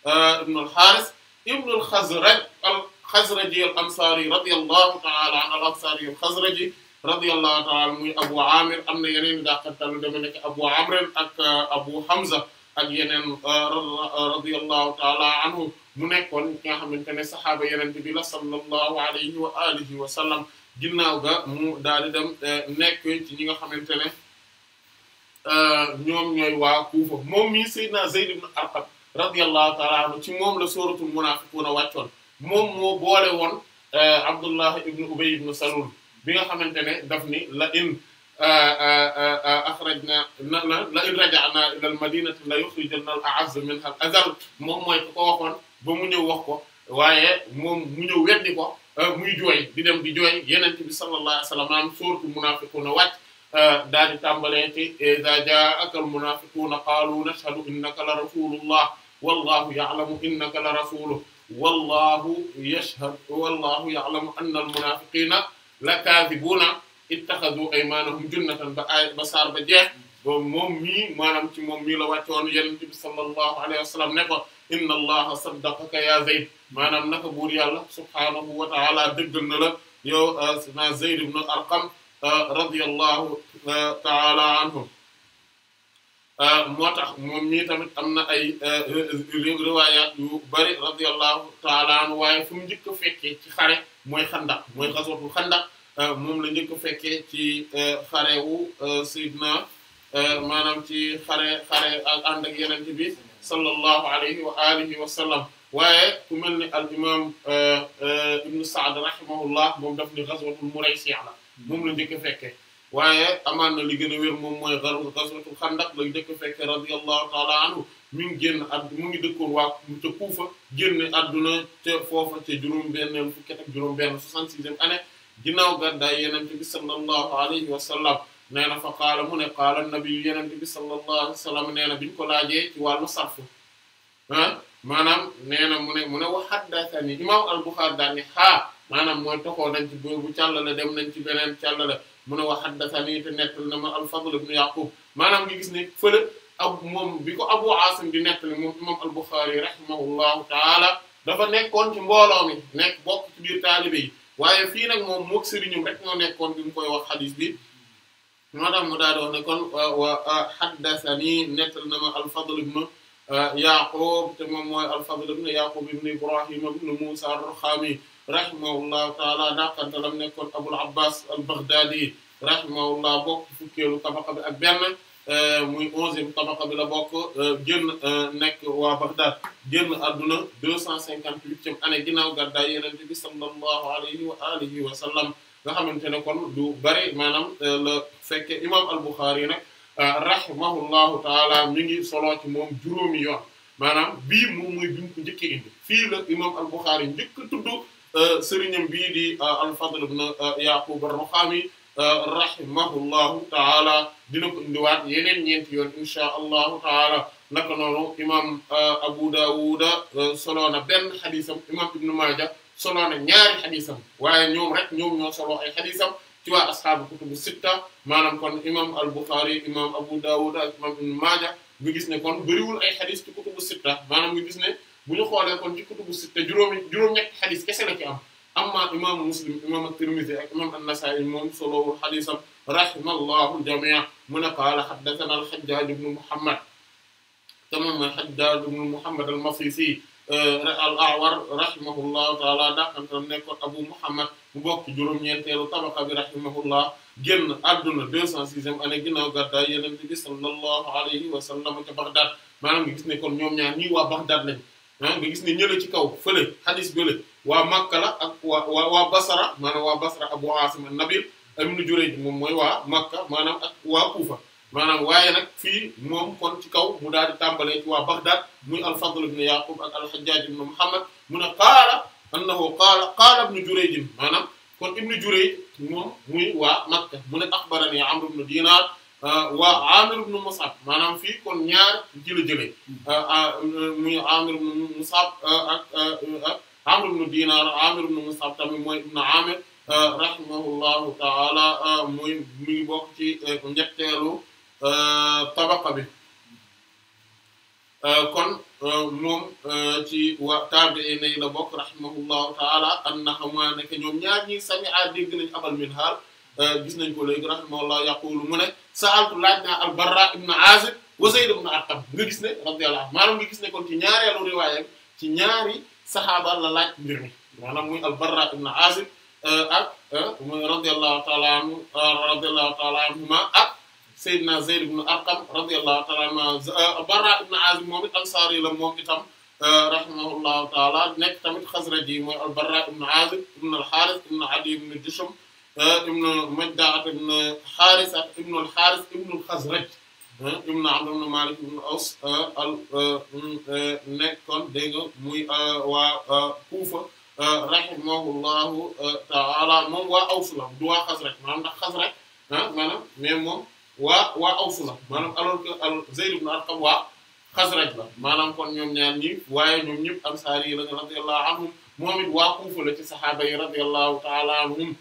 آه، بن الحارث ابن الخزرج الخزرجي الأنصاري رضي الله تعالى عن الأنصاري الخزرجي رضي الله تعالى عن أبو عامر أمن ينين ذاك التلو دمينك أبو عامر أك أبو حمزة أك ينين رضي الله تعالى عنه منك ونكيها من كان صحابة ينين بلا صلى الله عليه وآله وسلم ginnaw ga mu daali dem nek ci ñi nga xamantene euh ñom ñoy wa kufa mom mi Seydina zaid ibn Arqam radiyallahu ta'ala anhu ci mom la suratu munafiquna waccol mom mo boole won euh Abdullah ibn Ubay ibn Salul bi nga xamantene daf ni la in akhrajna na na la in raja'na ila al-madinati la yukhrijanna al minha al-azall moom ko waxoon ba mu ñëw wax ko waaye moom mu ñëw weddi muy joy di dem di joy yenenbi sallalahu alayhi wasallam sallam maanaam munafiquna wat dal di tàmbaleete iza jaa'aka al-munafiquna qalu nashhadu innaka la rasulullah wallahu ya'lamu innaka la rasuluh wallahu yashhadu wallahu ya'lamu anna al-munafiqina lakaadibuna ittakhadhu aymanahum junnatan ba ay ba saar ba jeex moom ci moom mii la wàccoon yenente bi alayhi wa ne ko inna allaha saddaqaka ya zayd maanaam naka buur yàlla subhaanahu wa taala dëggal na la yow na zayd ibn arqam radiyallahu taala anhu moo tax moom mii tamit am na ay riwaayaat yu bari radiyallahu taala anhu waaye fu mu njëkk a fekkee ci xare mooy xandaq mooy xasootu xandaq moom la njëkk a fekkee ci xare wu Seydina maanaam ci xare xare ak ànd ak yeneen ci bi sallallahu alayhi wa alihi wa sallam waaye ku mel ni al imam ibnu Sa'd rahimahullah moom daf ni ghazwatul Muraysi' la moom la njëkk fekkee waaye amaan na li gën a wér moom mooy ghazwatul Khandaq la njëkk fekkee radiyallahu ta'ala anhu mi ngi génn ad mu ngi dëkkoon waa te Kuufa génn adduna te foofa te juróom-benn fukki at ak juróom-benn 66e année ginnaaw gàddaay Yonent bi sallallahu alayhi wa sallam nee na fa qaala mu ne qaala nabi yenente bi sallallahu alayhi wa sallam nee na bi ñu ko laajee ci wàllu sarfu ah maanaam nee na mu ne mu ne wa haddathani imam al-Bukhari daal ne xaa maanaam mooy toxoo nañ ci boobu càllale dem nañ ci beneen càllale mu ne wa haddathani te nettali na ma al-Fadl ibn Yaqub maanaam ngi gis ne fële ak moom bi ko Abu Asim di nettali moom imam al-Bukhari rahimahullahu taala dafa nekkoon ci mbooloo mi nekk bokk ci biir taalibe yi waaye fii nag moom mook sëriñum rek ñoo nekkoon bi mu koy wax hadith bi moo tax mu daal di wax ne kon wa haddathani nettal na ma al-Fadl ibn Yaqub te moom mooy al-Fadl ibn Yaqub ibn Ibrahim ibn Musa ar-Ruhami rahimahullahu taala daakantalam nekkoon Abul Abbas al-Baghdadi rahimahullah bokk fukkeelu tabaqa bi ak benn e, muy onzième tabaqa bi la bokk e, génn e, nekk waa Baghdad génn adduna deux cent cinquante-huitième année ginnaaw gàddaay Yonent bi sallallahu alayhi wa alihi wa sallam nga xamante ne kon du bari maanaam euh, la fekke imam al-Bukhari nag euh, rahimahullahu taala mi ngi solo ci moom juróomi yoon maanaam bii bi mu ko njëkk indi fii la imam al-Bukhari njëkk tudd euh, sëriñam bii di al-Fadl ibn Yaqub ar-Ruhami rahimahullahu taala dina ko indiwaat yeneen ñeenti yoon inchaa allahu taala naka imam Abu Dawud solo na benn xadisam imam Ibn Maaja solo na ñaari xadisam waaye ñoom rek ñoom ñoo solo ay xadisam ci waa asxaabu kutubu sitta maanaam kon imam al buxaari imam abu dawud ak imam ibn maaja nga gis ne kon bëriwul ay xadis ci kutubu sitta maanaam nga gis ne bu ñu xoolee kon ci kutubu sitta juróomi juróom-ñett xadis kese la ci am amma imaamu muslim imam at-tirmidhi ak imam an-nasa'i moom solowul xadisam rahimallahu jamii mu ne qaala xaddathana al-hajjaj ibnu muhammad te moom mooy hajjaj ibnu muhammad al-masisi Euh, al awar rahimahullahu taala daaxantam nekkoon abu muhammad mu bokk juróom-ñeenteelu tabaqa bi rahimahullah génn adduna 206e année ginnaaw gàddaay yonent bi sallallahu alayhi wa sallam ca Baghdad maanaam nga gis ne kon ñoom ñaar ñii waa Baghdad lañ maanaam ah, nga gis ne ñële ci kaw fële hadis bële waa Makka ak waa waa Basra maanaam waa Basra abu Asim an-Nabil ibn Jurayj moom mooy waa Makka maanaam ak waa Kufa manam waye nak fi mom kon ci kaw mu daal di tàmbalee ci wa Baghdad muy al-Fadl ibn Yaqub ak al-Hajjaj ibn Muhammad mu qala annahu qala qala ibn Jurayj manam kon ibn Jurayj mom muy wa makkah mu akhbarani Amr ibn Dinar ah, wa Amir ibn Mus'ab manam fi kon ñaar jilu jele ah, ah, muy Amir ibn Mus'ab ak Amr ibn Dinar Amir ibn Mus'ab tam moy ibn Amir rahimahullahu ta'ala muy muy bok ci ñettelu eh, tabaqa euh, bi euh, kon euh, moom ci waa taabi'iin yi la bokk rahimahullahu ta'ala annahumaa nekk ñoom ñaar ñi sami'a dégg nañ abal minhaal gis nañ ko léegi rahimahullah yaqulu mu ne sa'altu laaj naa al-Barra ibn Aazib wa Zayd ibn Arqam nga gis ne radiyallahu anhu maanaam nga gis ne kon ci ñaareelu riwaayam ci ñaari saxaaba la laaj mbir mi maanaam muy al-Barra ibn Aazib ak radiyallahu ta'ala anhu radiyallahu ta'ala anhuma ak sayyidina Zayd ibn Arqam radiyallahu taala anhu Barra ibn Azib moom it Ansaari la moom itam rahimahullahu taala nekk tamit Xazraji mooy al-Barra ibn Azib ibn al-Haaris ibn Adi ibn Jusham ibn Majda'a ibn Haaris ibn al-Haaris ibn al-Xazraj ibn Amr ibn Malik ibn Aws al nekkoon dégg nga muy waa Kuufa rahimahullahu taala moom waa Aws la du waa Xazraj maanaam ndax Xazraj ah mais waa waa Aws la maanaam alors que al Zayd ibn Arqam la maanaam kon ñoom ñaar ñi waaye ñoom ñëpp ansaar yi la radiyallahu anhum moom it waa Kuufa la ci saxaaba yi radiyallahu ta'ala anhum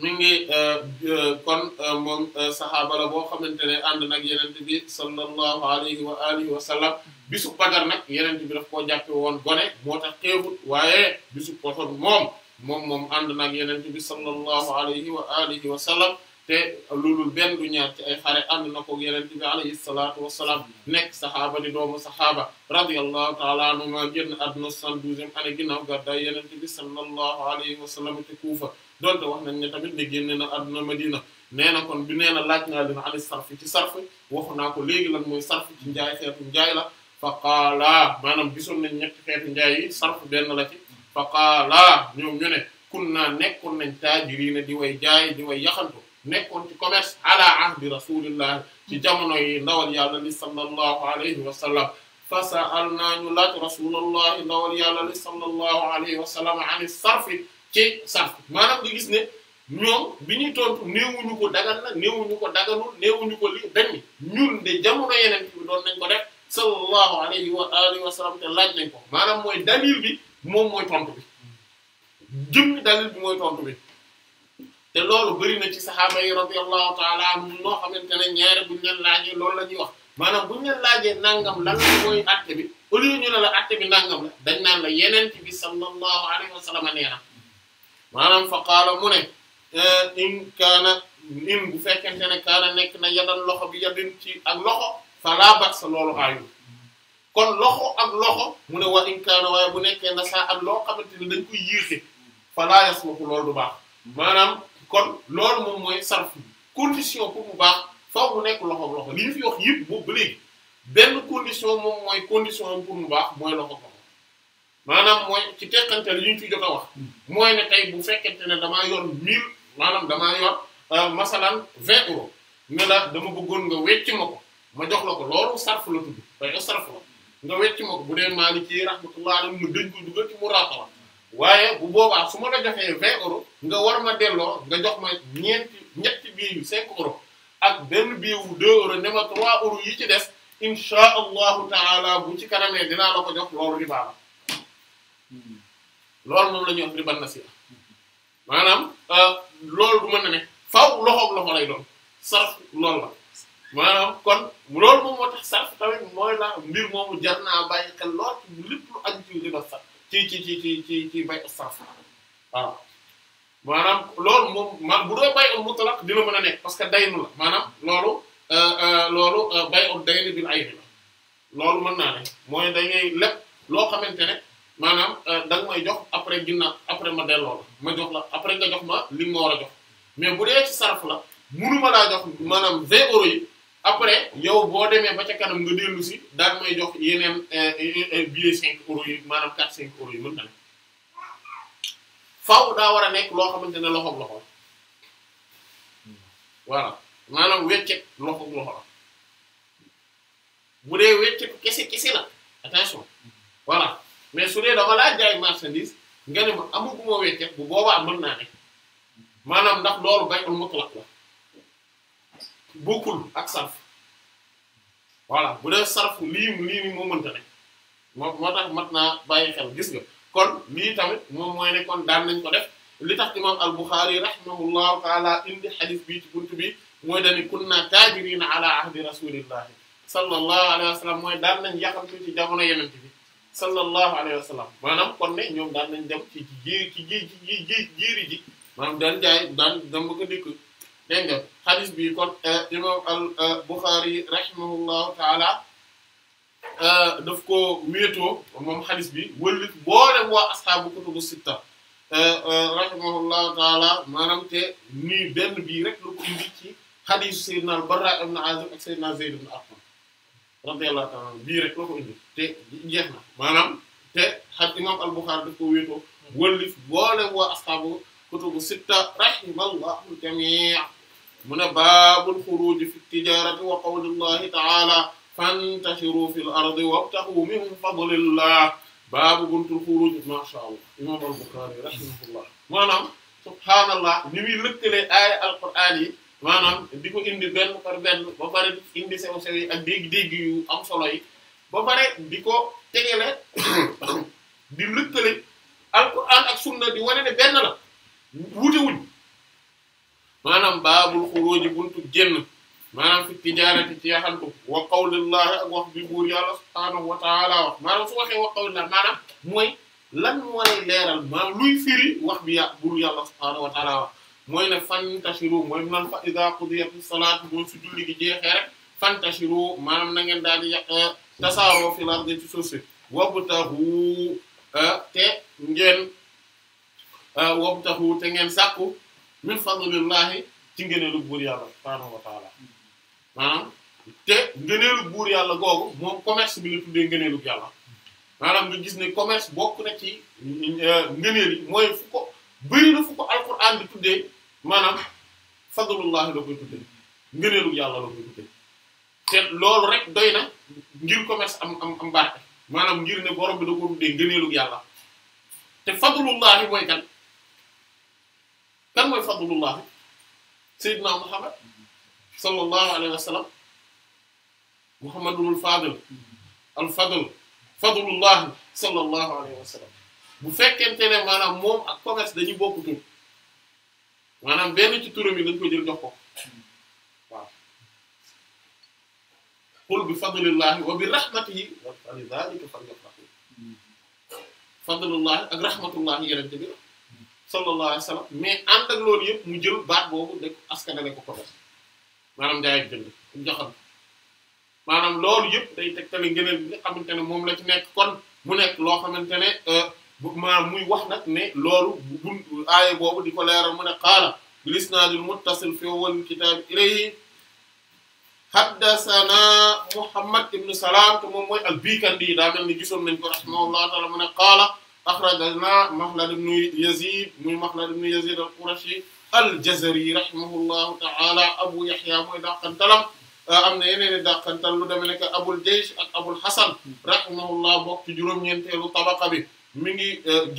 mi ngi euh, euh, kon euh, moom saxaaba la boo xamante ne ànd nag yenente bi sallallahu alayhi wa alihi wa sallam bisu Badar nag yenente bi daf koo jàppe woon gone moo tax waaye bisu potoon moom moom moom ànd nag yenente bi sallallahu alayhi wa alihi wa sallam te lulul ben du ñaar ci ay xare ànd na ko yenente bi alayhi salatu wassalam nek sahaba di doomu sahaba radiyallahu taala no ma génn àdduna 72e ane ginnaw gadda yenente bi sallallahu alayhi wasallam ci kufa Kuufa donte wax nañ ne tamit ne genn na àdduna medina neena kon bi neena na laaj naa leen ani sarf ci sarf waxu nako legi lan moy sarf ci njaay xeetu njaay la fa qaalaa maanaam gisoon nañ ñet xeetu njaay yi sarf ben la ci fa qaalaa ñoom ñu ne kunna nekkul nañ tajirina di way jaay di way yaxantu nekkoon ci commerce ala ahdi rasulillah ci jamono ndawal yàlla li sallallahu alayhi wa sallam fa sa'alnaa ñu laaj rasulullah ndawal yàlla li sallallahu alayhi wa sallam ani sarfi ci sarf maanaam di gis ne ñoom bi ñuy tontu néewuñu ko dagal na néewuñu ko daganul néewuñu ko li dañ ñun de jamono yeneen bi doon nañ ko alayhi wa alihi wa sallam te laaj nañ ko maanaam mooy dalil bi moom mooy tontu bi jëm dalil bi mooy tontu bi te loolu bëri na ci saxaaba yi radiyallahu ta'ala anhum ñaare buñu leen loolu la ñuy wax maanaam buñu leen laajee nangam lan mooy atte bi au la atte nangam la dañ naan la yeneen ci bi sallallahu alayhi wa sallam nee maanaam fa qaala mu ne eh, in kaana in bu fekkente ne kaana nekk na yadan loxo bi ya ci ak loxo falaa bat sa loolu aayul kon loxo ak loxo mu ne in kaana waaye bu nekkee na saa ak loo xamante ne dañ koy yiirte falaa yasluhu loolu baax kon loolu moom mooy sarf condition pour mu baax foo mu nekk loxo loxo li ñu fi wax yëpp boobu ba benn condition moom mooy condition pour mu baax mooy loxo loxo maanaam mooy ci teqantal yi ñu ci jot a wax mooy ne tey bu fekkente ne damaa yor 1000 maanaam damaa yor euh, masalan 20 euros ne dama bëggoon nga wecc ma ko ma jox la ko loolu sarf la tudd day sarf la nga wecc ma ko bu dee Maalik ci rahmatullah alayhi mu dëñ ko dugal ci mu raaxala waaye bu boobaa su ma la joxee vingt euros nga war ma delloo nga jox ma ñeenti ñetti bii yu cinq euros ak benn bii wu deux a ne ma trois euros yi ci des insha allahu taala bu ci kanamee dinaa ko jox loolu riba la loolu moom la ñuy wax riba nasi'a maanaam euh, loolu mën na ne faaw loxoog loxo lay doon sarf loolu la maanaam kon loolu moom moo tax sarf tamit mooy la mbir moomu jar naa bàyyi xel lool lépp lu aju ci riba sarf ci ci ci ci ci ci bay ustaas waaw maanaam loolu moom man bu doo bay ul mutlaq dina mën a nekk parce que daynu la maanaam loolu euh, euh, loolu euh, bay ul dayni bil ayni la loolu mën naa ne mooy dañuy lépp loo xamante ne maanaam da nga jox après ginnaaw après ma delloo la ma jox la après nga jox ma li ma war a jox mais bu dee ci sarf la mënu ma laa jox maanaam vingt euros après yow boo demee ba ca kanam nga dellu si daal may jox yeneen euh, euh, billet cinq euros yi maanaam quatre cinq euros yi mën na ne daa war a nekk loo xamante ne loxoog loxo voilà maanaam weccet loxoog loxo la bu dee weccetu kese kese la attention voilà mais su dee dama laa jaay marchandise nga ne ma amaguma weccet bu boobaa mën naa ne maanaam ndax loolu bayul mutlaq la bokkul ak sarf voilà bu dee sarf lii lii nii moo moo moo tax mat naa bàyyi xel gis nga kon lii tamit moom mooy ne kon daan nañ ko def li tax imam al-Bukhari rahimahullahu taala indi hadith bii ci buntu bi mooy dani kunna taajiriina ala ahdi rasulillahi sallallahu alayhi wa sallam mooy daan nañ yàqamtu ci jamono yenente bi sallallahu alayhi wa sallam maanaam kon ne ñoom daan nañ dem ci ci jiir ci ji ci ji jiiri ji maanaam daan jaay daan dégg nga bi kon imam al Bukhari rahimahullahu taala daf ko wéetoo moom xadis bi wëllif boole waa asxaabu kutubu sitta rahimahullahu taala maanaam te ni benn bii rek lu ko indi ci xadisu Seydina al-Barra ibn Azib ak Seydina Zayd ibn Arqam radiyallahu taala bii rek la ko indi te jeex na te xad imam al-Bukhari daf ko wéetoo wëllif boole waa asxaabu kutubu sitta rahimallahu jami' mu ne baabul xuruuji fi tijaarati wa qawlillahi ta'ala fantashiru fil ardi wabtaxu min fadlillah baabu buntul xuruuji masha Allah imam al-Bukhari rahimahullah maanaam subhaanallah ni muy lëkkalee aaya alquraan yi maanaam di ko indi benn par benn ba pare indi sew sew yi ak dégg-dégg yu am solo yi ba pare di ko tegele di lëkkale alquraan ak sunna di wane ne benn la wuute wuñ maanaam baabul xuruuji buntu génn maanaam fi tijaarati ci wa qawlillahi wax bi buur yàlla wa taala wax maanaam su waxee wa qawlillahi maanaam mooy lan moo leeral maanaam luy firi wax bi yà buur yàlla wa taala wax mooy ne fantashiru mooy man fa idaa qudiyati salaatu mooy su julli rek fantashiru maanaam na ngeen daal di yàq eh, tasaaroo fil ardi ci suuf si wabtahu eh, te ngeen eh, wabtahu te ngeen sàkku min fadlillaahi ci ngëneelu buur yàlla subhaanahu wa taala ah, te ngëneelu buur yàlla googu moom commerce bi la tuddee ngëneelu yàlla maanaam nga gis ni commerce bokk na ci eh, ngëneel yi mooy fu ko bëri fu ko alquran di tuddee maanaam fadlullahi la koy tuddee ngëneelu yàlla la koy tuddee te loolu rek doy na ngir commerce am am am maanaam ngir ne borom bi da ko tuddee ngëneelu yàlla te fadlullahi mooy kan كان هو فضل الله سيدنا محمد صلى الله عليه وسلم محمد الفاضل الفضل فضل الله صلى الله عليه وسلم bu fekente ne manam mom ak commerce dañu bokku tout manam benn ci turu mi dañ ko jël dox قل بفضل الله وبرحمته فلذلك فليفرحوا فضل الله اك رحمه الله يرد بي sallallahu alayhi wa sallam mais ànd ak loolu yëpp mu jël baat boobu de askanale ko commerce maanaam jaay ak jënd joxam maanaam loolu yëpp day tegtale ngëneel bi nga moom la ci nekk kon mu nekk loo xamante ne euh, maanaam muy wax nag ne loolu bu aaye boobu di ko leeral mu ne qaala bil isnaadil muttasil fi awwalil kitaab ilayhi haddasanaa Muhammad ibn Salaam te moom mooy al-Bikandi daa gisoon nañ ko rahimahullahu mu ne qaala أخرجنا مخلد بن يزيد من مخلد بن يزيد القرشي الجزري رحمه الله تعالى أبو يحيى مداقن تلم أم نينين داقن تلم دمينك أبو الجيش أبو الحسن رحمه الله بوقت جروم ينتهي طبقة به من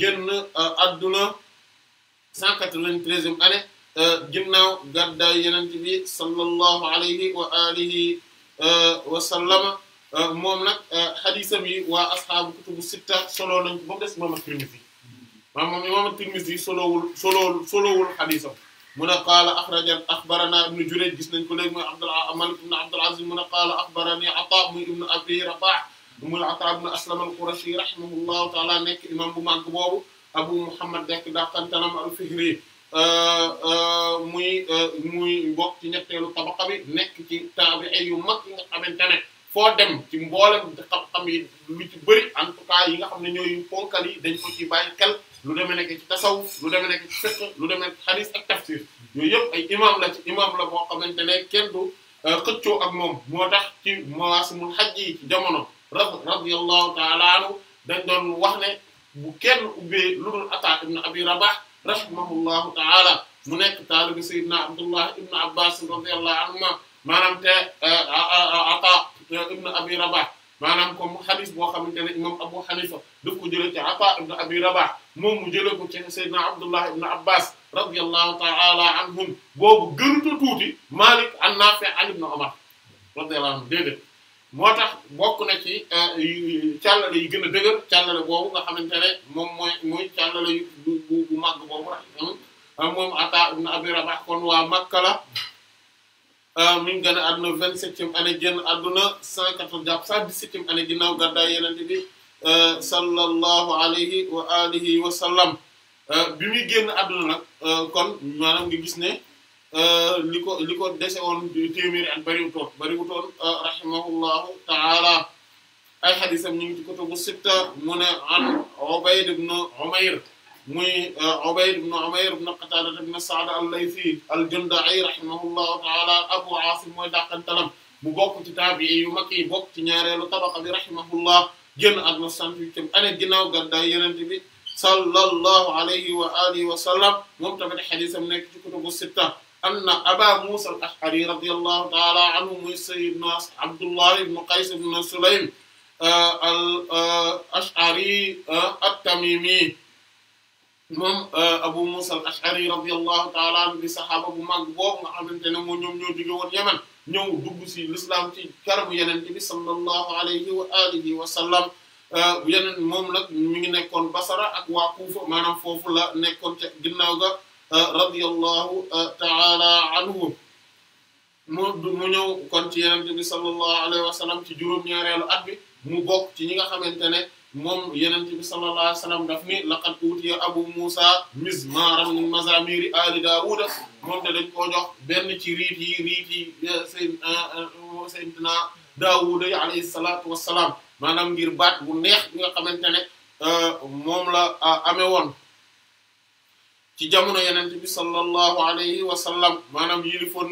جن أدنى 193 أنا جنو قد ينتهي صلى الله عليه وآله وسلم Euh, moom nag euh, xadisam yi waa asxaabu kutubu sitta solo nañ ba mu des imaam at-Tirmidhi maam moom imaam at-Tirmidhi solowul solowul solowul xadisam mun a qaala axraja axbarana ibnu Jurayj gis nañ ko léegi mooy Abdul Malik ibn Abdul Aziz mun a qaala axbarani Ataa muy ibnu Abi Rabaah muy Ataa ibn Aslam al-Qurashi rahimahullahu taala nekk imam bu mag boobu Abu Muhammad dekk daqantanam al-Fihri euh, muy muy bokk ci ñetteelu tabaqa bi nekk ci taabi'i yu mag yi nga xamante ne foo dem ci mboolem xam-xam yi lu ci bëri en tout cas yi nga xam ne ñooy ponkal yi dañ ko ci bàyyi xel lu demee nekk kenn tasawuf lu demee nekk ci fiqh lu demee nekk ci hadith ak tafsir yooyu yëpp ay imam la ci imam a boo xamante ne kenn a euh, xëccoo ak moom moo tax ci a xaj yi a a a ta'ala anhu dañ doon wax ne a kenn a a dul Ataa a a Rabah rahimahullahu ta'ala mu nekk taalibi sayyidina Abdullah ibn Abbas radiyallahu anhuma maanaam te euh, Ataa Sufyan ibn Abi Rabah maanaam comme xadis boo xamante ne moom Abu Hanifa daf ko jëlee ci Ata ibn Abi Rabah moom mu jëlee ko ci Seydina Abdullah ibn Abbas radiyallahu ta'ala anhum boobu gënuta tuuti Malik an Nafi an ibn Umar radiyallahu anhum déedéet moo tax bokk na ci euh, càllale yi gën a dëgër càllale boobu nga xamante ne moom mooy mooy càllale yu bu bu màgg boobu rax moom Ata ibn Abi Rabah kon waa Makka la Ah, mi ngi gën a àdduna vingt septième année génn àdduna cent quatorze jàpp cent dix septième année ginnaaw gàddaay Yonent bi ah, sallallahu alayhi wa alihi wa sallam ah, bi muy génn àdduna kon maanaam nga gis ne li ko li ko dese woon téeméeri at bariwutoon bariwutoon rahimahullahu ta'ala ay xadisam ñu ngi ci kutubu sitta mu ne an Ubayd ibn Umayr موي عبيد بن عمير بن قتادة بن سعد الليثي الجندعي رحمه الله تعالى أبو عاصم موي داكنتلم مو بوك تي تابعي يو مكي بوك تي نياريلو رحمه الله جن ادنا سانتيتم انا جيناو غدا يونتي بي صلى الله عليه واله وسلم ممتد حديث من كتب الستة ان ابا موسى الاشعري رضي الله تعالى عنه موي سيدنا عبد الله بن قيس بن سليم الاشعري التميمي moom euh, Abu Musa al-Ash'ari radiyallahu ta'ala anhu bi saxaaba bu mag boobu nga xamante ne moo ñoom ñoo jóge woon Yemen ñëw dugg ci l'islam ci karamu Yonent bi sallallahu alayhi wa alihi wa sallam euh, yeneen moom nag mi ngi nekkoon Basra ak waa Kufa maanaam foofu la nekkoon ca ginnaaw ga euh, radiyallahu ta'ala anhu mu mu ñëw kon ci Yonent bi sallallahu alayhi wa sallam ci juróom-ñaareelu at bi mu bokk ci ñi nga xamante ne moom yenent bi sallallahu alayhi wasallam daf ni abu musa mizmaran min mazamiri ali daawuda moom te dañ koo jox benn ci riit yi riit yi yi eh, eh, eh, alayhi salaatu wassalaam maanaam ngir baat bu neex bi nga xamante ne moom la amewoon ci jamono yenent bi sallallahu alayhi wasallam maanaam yilifoon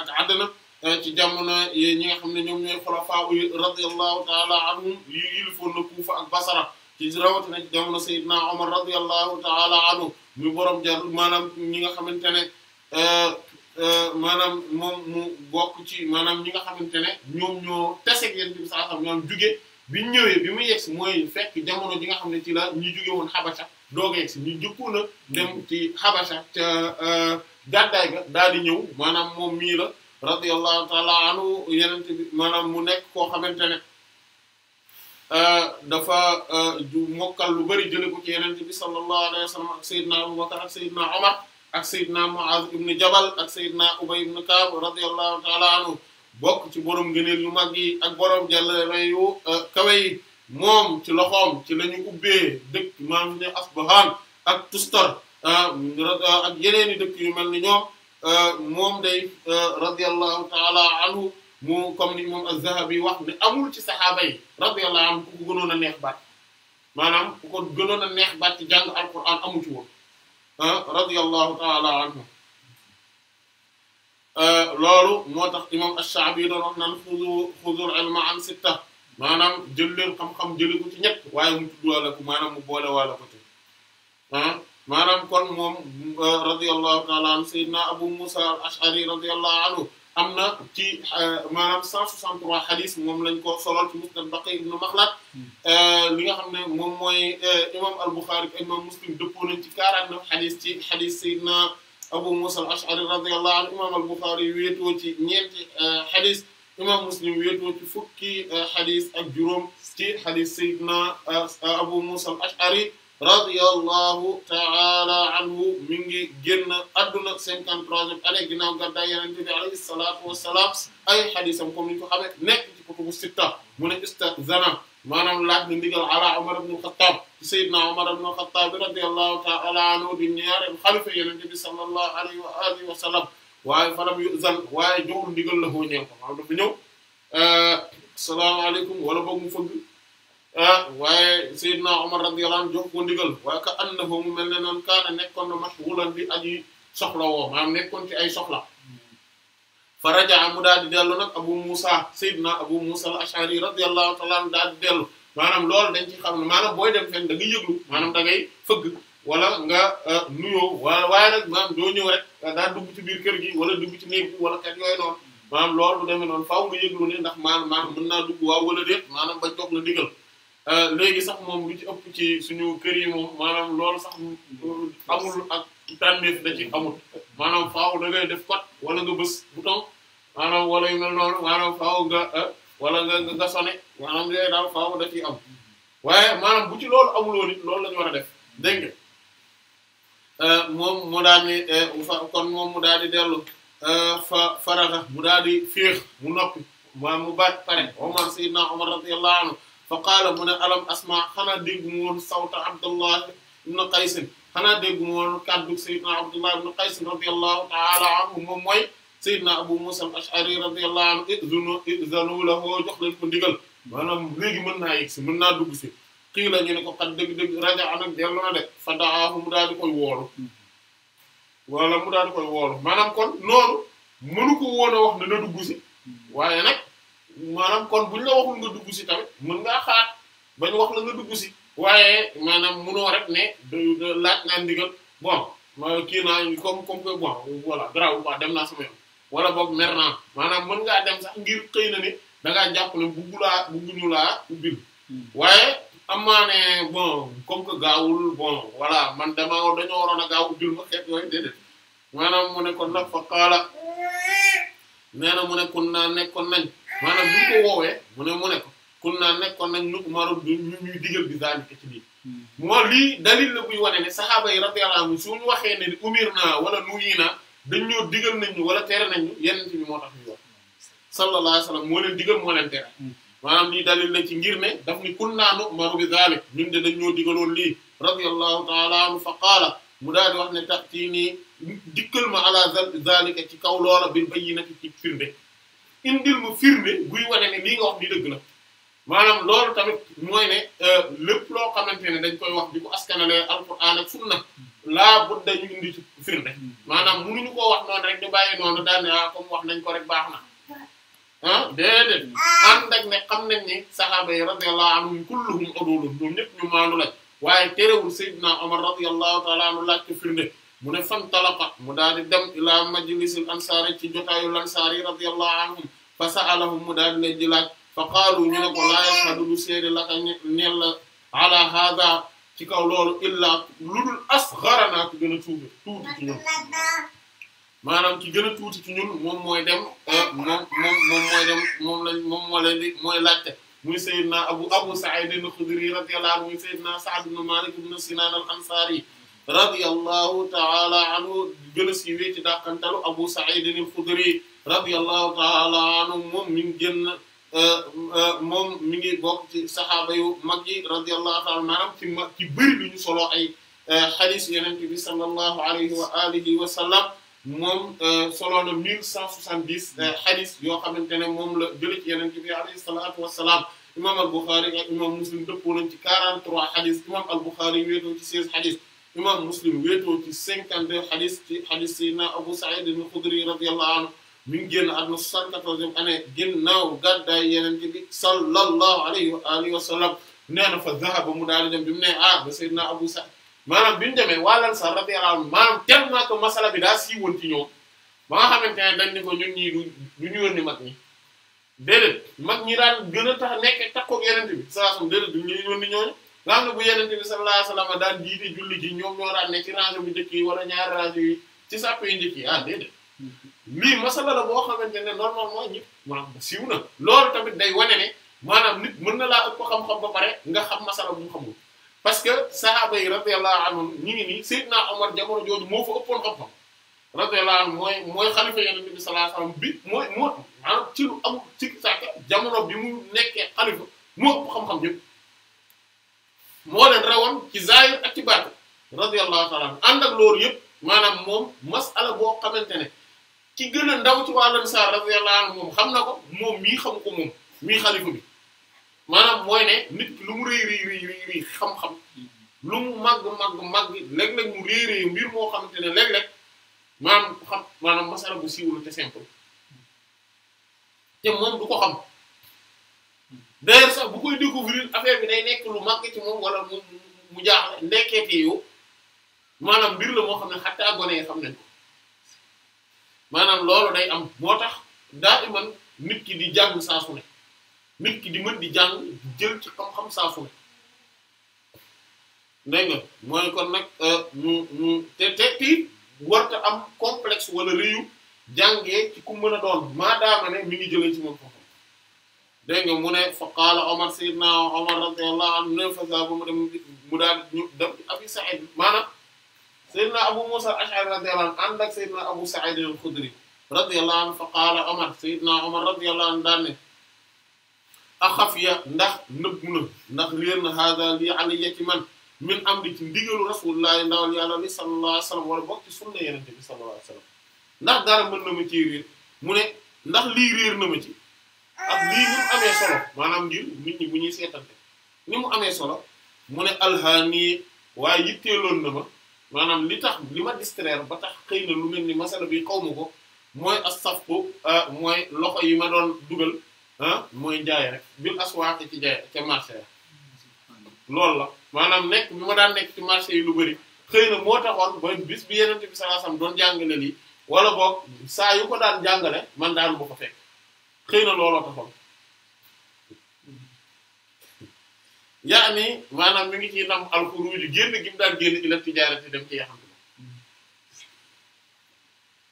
ak adna Eh, ci jamono ñi nga xam ne ñoom ñooy xulafaa u radiyallahu taala anhum yi yilifoon na Kufa ak Basra ci rawatina ci jamono Seydina Omar radiyallahu taala anhu ñu borom jar maanaam ñi nga xamante ne eh, eh, maanaam moom mu bokk ci maanaam ñi nga xamante ne ñoom ñoo tese yéen bi saa xam ñoom juge bi ñu ñëwee bi mu yegg si mooy fekk jamono ji nga xam ne ci la ñi juge woon Xabasa doog a yegg si ñu jëkkoon a ci Xabasa ca gàddaay ga daal di ñëw moom mii radiyallahu taala anhu yenente bi maanaam mu nekk koo xamante euh, dafa euh, mokkal lu bari jële ko ci yenente bi sallallahu alayhi wa sallam ak sayyidina Abubakar ak ak sayyidina Muaz ibn Jabal ak taala anhu bokk ci borom ngëneel yu mag yi ak borom jàllale yu euh, kawe moom ci loxom ci lañu ubbee dëkk maam ne Asbahan ak Tustar ak yeneen dëkk yu mel ni ñoom moom day radiyallahu ta'ala anhu mu comme ni imam az-Zahabi wax ne amul ci saxaaba yi radiyallahu anhu ku ko gënoon a neex baat maanaam ku ko gënoon a neex baat ci jàng alquran amu ci woon radiyallahu ta'ala anhu loolu moo tax imam ash-Sha'bi doon wax naan xuzu xuzul ilma an sitta maanaam jël leen xam-xam jëlee ko ci ñett waaye mu tudd wala ko maanaam mu boole wala ko ci ah. maanaam kon moom radiyallahu ta'ala sayyidina abu musa al ash'ari radiyallahu anhu am ci maanaam 163 xadis moom lañ ko solol ci musnad Baqi ibn Makhlad li nga xam ne moom imam al-Bukhari imam Muslim dëppoo nañ ci 49 xadis ci xadis sayyidina Abu Musa al-Ash'ari radiyallahu anhu imam al-Bukhari wéetoo ci ñeenti xadis imam Muslim wéetoo ci fukki xadis ak juróom ci xadis sayyidina Abu Musa al-Ash'ari radiyallahu ta'ala anhu mi ngi génn adduna 53e année ginnaaw gàddaay Yonent bi alayhi salaatu wa salaam ay xadisam comme ni ñu ko xamee nekk ci kutubu sitta mu ne istazana maanaam laaj na ndigal ala Umar ibn al-Khattab ci Seydina Umar ibn al-Khattab radiyallahu ta'ala anhu di ñaareel xalifa Yonent bi sallallahu alayhi wa alihi wa sallam waaye falam yu'zan waaye joxul ndigal la foo ñeel ko maanaam dafa ñëw asalaamaaleykum wala boog mu fëgg. Ah, waaye Seydina Omar radiyallahu anhu jox ko ndigal waaye ka annahu mu mel ne noonu kaana nekkoon na mashghulan bi aji soxla woo maanaam nekkoon ci ay soxla fa raja'a mu daal di dellu nag Abu Musa Seydina Abu Musa al-Ash'ari radiyallahu ta'ala anhu daal di dellu maanaam lool dañ ci xam ne maanaam booy dem fenn da ngay yëglu maanaam da ngay fëgg wala nga ah, nuyoo waa waaye nag maanaam doo ñëw rek ah, daa dugg ci biir kër gi wala dugg ci néeg bi wala kat yooyu noonu maanaam loolu bu demee noonu faaw wala déet maanaam bañ Euh, léegi sax moom lu ci ëpp ci suñu kër yi moom maanaam lool sax amul ak tànnéef da amul maanaam faaw da def kot wala nga bës bouton maanaam wala yu mel noonu maanaam faaw nga euh, wala nga nga sone maanaam yooyu daal faaw da am waaye maanaam bu ci loolu amuloo nit loolu la war a def dégg nga euh, moom mu daal kon moom daal di dellu fa faraga mu daal di féex mu noppi maanaam mu baat pare Omar Seydina Omar radiyallahu anhu fa qaala mu ne alam asma xanaa déggu ma woon sawta abdullah ibn qaysin xanaa déggu ma woon kàddu sayyidna abdullah ibn qaysin radiyallahu ta'ala anhu moom mooy sayyidna abu musa al-ash'ari radiyallahu anhu izunu izanu lahu jox leen ko ndigal maanaam léegi mën naa yegg si mën naa dugg si xiila ñu ne ko xat dëgg-dëgg raja anam dellu na de fa daahu mu daal di koy woolu wala mu daal di koy woolu maanaam kon noonu mënu ko woon a wax ne na dugg si waaye nag maanaam kon buñ la waxul nga dugg si tamit mën ngaa xaar bañ wax la nga dugg si waaye maanaam munoo rek ne de laaj naa ndigal bon kii naa comme comme que bon voilà garaaw waaw dem naa sama yoon wala boog mer naa maanaam mën ngaa dem sax ngir xëy na ne da ngaa jàpp ne bu laa bugguñu laa ubbil waaye am naa ne bon comme que gaawul bon voilà man damaa dañoo waroon a gaaw ubbil ma xeet yooyu déedéet maanaam mu ne kon nag fa xaala nee na mu ne kon naa nekkoon nañ maa bu ñu ko woowee mu ne mu ne ko kun naa nekkoon nañ nu umaru ñu ñuy digal bi zalika ci lii hmm. moo lii dalil la buy wane ne saxaaba yi radiyallahu anhum suñu waxee ne umir naa wala nuyi naa dañ ñoo digal nañ ñu wala tere nañ ñu moo tax ñu wax sallallahu alayhi moo leen digal moo leen tere hmm. maanaam lii dalil la ci ngir ne daf ni kun naa nu umaru bi zalik ñun de dañ digaloon lii radiyallahu ta'ala anhu fa qaala mu daal di wax ne tax tii nii ma ala zalika ci kaw loola bi bayyinati ci firnde indil ma firnde buy wane ne lii nga wax di dëgg la maanaam loolu tamit mooy ne euh, lépp loo xamante ne dañ koy wax di ko askanale alquran ak sunna laa but dañu indi ci firnde maanaam munuñu koo wax noonu rek di bàyyi noonu daal ne ah comme wax nañ ko rek baax na ah déedéet ànd ak ne xam nañ ni sahaaba yi radiyallahu anhum kulluhum adulun ñoom ñëpp ñu maandu lañ waaye terewul sayyidina mu ne fan talaqa mu daal di dem ila majlisil ansaari ci jotaayu lansaari radiyallahu anhum fa sa'alahum mu daal ne di laaj fa qaalu ñu ne ko laa yashhadu du seede laka ñeel la ala hada ci kaw loolu illa ludul asgharana ku gën a tuuti tuuti ci ñun maanaam ci gën a tuuti ci ñun moom mooy dem eh, moom moom moom mooy dem moom lañ moom moo leen di mooy laajte muy sayyidna abu abu sa'id al-khudri radiyallahu anhu muy sayyidna sa'd ibn malik ibn sinan al-ansari radiyallahu ta'ala anhu gën a siiwee ci dàqantalu abu sa'id al-khudri radiyallahu ta'ala anhu moom mi ngi génn euh, euh, moom mi ngi bokk ci saxaaba yu mag yi radiyallahu ta'ala maanaam ci mag ci bëri lu ñu solo ay xadis euh, yeneen bi sallallahu alayhi wa alihi wa sallam moom solo na 1170 xadis yoo xamante ne moom la jëlee ci yeneen bi alayhi salaatu wa salaam. imam al-Bukhari ak imam Muslim dëppoo nañ ci 43 xadis imam al-Bukhari wéetoo ci 16 xadis imam Muslim wéetoo ci 52 xadis ci xadis Sayyidina Abu Sa'id al-Khudri radiyallahu anhu mi ngi génn àdduna soixante-quatorzième année ginnaaw gàddaay yeneen bi sallallahu alayhi wa alihi wa sallam nee na fa zahaba mu daal di dem bi mu ne ah ba sayyidina Abu Sa'id maanaam bi ñu demee waa Ansaar radiyallahu anhum maanaam tellement que masala bi daa siiwoon ci ñoom ba nga xamante ne dañ ni ko ñun ñii du ñu yónni mag ñi déedéet mag ñi daan gën a tax nekk takkoog yeneen bi sallallahu alayhi wa sallam déedéet du ñu yónni ñooñu nga xam ne bu yeneen bi sallallahu alayhi wa sallam daan jiite julli ji ñoom ñoo daan ne ci rangée bu njëkk yi wala ñaari rangée yi ci sàpp yi ah déedéet lii masala la boo xamante ne normalement ñëpp maanaam siiw na loolu tamit day wane ne maanaam nit mën na laa ëpp xam-xam ba pare nga xam masala bu xamul parce que sahaaba yi radiyallahu anhum ñu ngi nii Seydina Omar moo fa ëppoon xam-xam radiyallahu anhu mooy bi mu nekkee xalifa moo ëpp xam-xam yëpp moo leen rawoon ci zahir ak ci baat radiyallahu ta'ala loolu yëpp maanaam moom masala boo xamante ne ki gën a ndaw ci wàllu ansaar radiyallahu anhu moom xam na ko moom mii xam ko moom mii xalifa bi maanaam mooy ne nit lu mu rëy rëy rëy rëy xam-xam lu mu màgg màgg màgg léeg-léeg mu rëy rëy mbir moo xamante ne léeg-léeg maanaam xam bu siiwul te simple te moom du ko bi day nekk lu moom wala mu mu jaaxle ndekete maanaam mbir la moo xam ne xattaa gone xam nañ manam lolu day am motax tax iman nit ki di jang sa su nit ki di mën di di jël ci xam-xam sa su ne moy kon nak euh te te warta am complexe wala riyu jangé ci ku mën doon ma dama ne mi ngi jël ci mom xam-xam nga mu ne fa qala umar sayyidna umar radiyallahu anhu ne fa saa mu dem mu daal ñu dem Abi Sa'id manam Seydina Abu Musa al-Ash'ari radiyallahu anhu ànd ak Seydina Abu Sa'id al-Khudri radiyallahu anhu fa qaala Omar Seydina Omar radiyallahu anhu daan ne axaf ya ndax nëbb na ndax réer na haada lii alayya ci man min am di ci ndigalu rasulullah ndawal yàlla li sallallahu alayhi wasallam wala bokk ci sunna yenente bi sallallahu alayhi wasallam ndax dara mën na ma ci réer mu ne ndax lii réer na ma ci ak lii ni mu amee solo maanaam ngir nit ñi bu ñuy seetante ni mu amee solo mu ne alhaani waaye yitteeloon na ma maanaam li tax li ma distraire ba tax xëy na lu mel ni masala bi xaw ma ko mooy as saf ko euh, mooy loxo yi ma doon dugal mooy jaay rek bil aswaaq ci jaay ca marché la la maanaam nekk bi ma daan nekk ci marché yi lu bari xëy na moo taxoon ba bis bi yeneen bi sallallahu alayhi wasallam doon jàngale lii wala boog saa yu ko daal jàngale man daan bu xëy na looloo taxoon yaani maanaam mi ngi ci nam alxuruuj génn gi mu génn ci la tijaarati dem ci yaxam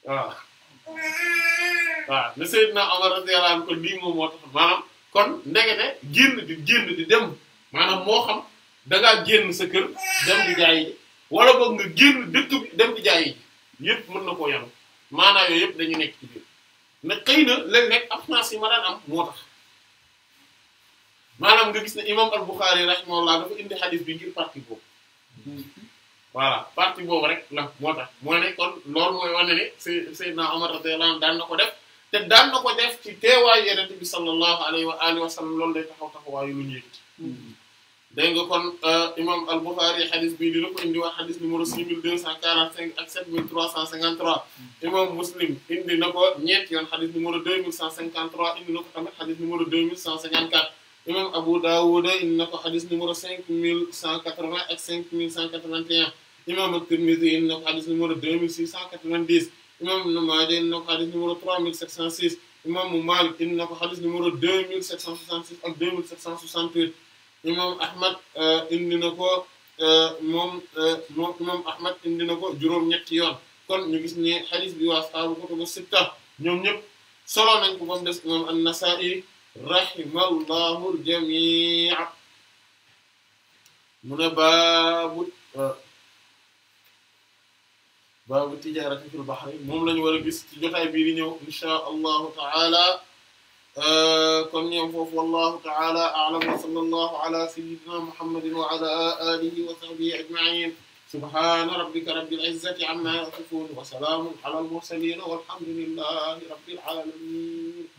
waaw waaw ne Seydina Omar lii moom moo tax maanaam kon ndegete génn di génn di dem maanaam moo xam da ngaa génn sa kër dem di jaay ji wala boog nga génn dëkk dem di jaay ji yëpp mën na koo yanu maanaam yooyu yëpp dañu nekk ci biir mais xëy na léeg-léeg yi ma daan am moo tax maanaam nga gis ne imam al-Bukhari rahimahullah dafa indi xadis bi ngir partie boobu voilà parti boobu rek la moo tax moo ne kon loolu mooy wane ne Seydina Omar radiyallahu anhu daan na ko def te daan na ko def ci teewaayu yenente bi sallallahu alayhi wa alihi wa sallam loolu day lu ñu yëkkati nga kon euh, imam al-Bukhari xadis bii dina ko indi wax xadis numéro 6245 ak 7353 imam Muslim indi na ko ñeent yoon xadis numéro 2153 indi na ko tamit xadis numéro imam Abu Dawud indi na xadis numéro cinq mille cent quatre-vingt ak cinq mille cent quatre-vingt-un imam At-Tirmidhi indi na ko xadis numéro deux mille six cent quatre-vingt-dix imam Ibn Maaja indi na ko xadis numéro trois mille sept cent six imaamu Maalik indi na ko xadis numéro deux mille cent soixante-six ak deux mille cent soixante-huit imam Ahmad euh, indi na ko euh, moom euh, moom imam Ahmad indi na ko juróom-ñetti yoon kon ñu gis ni xadis bi waa ashaabu kutubu sitta ñoom ñëpp solo nañ ko ba des imam An-Nasaa'i رحم الله الجميع من باب باب التجارة في البحر مم لن ني ورا غيس ان شاء الله تعالى آه، كون ينفوف والله تعالى اعلم وصلى الله على سيدنا محمد وعلى اله وصحبه اجمعين سبحان ربك رب العزة عما يصفون وسلام على المرسلين والحمد لله رب العالمين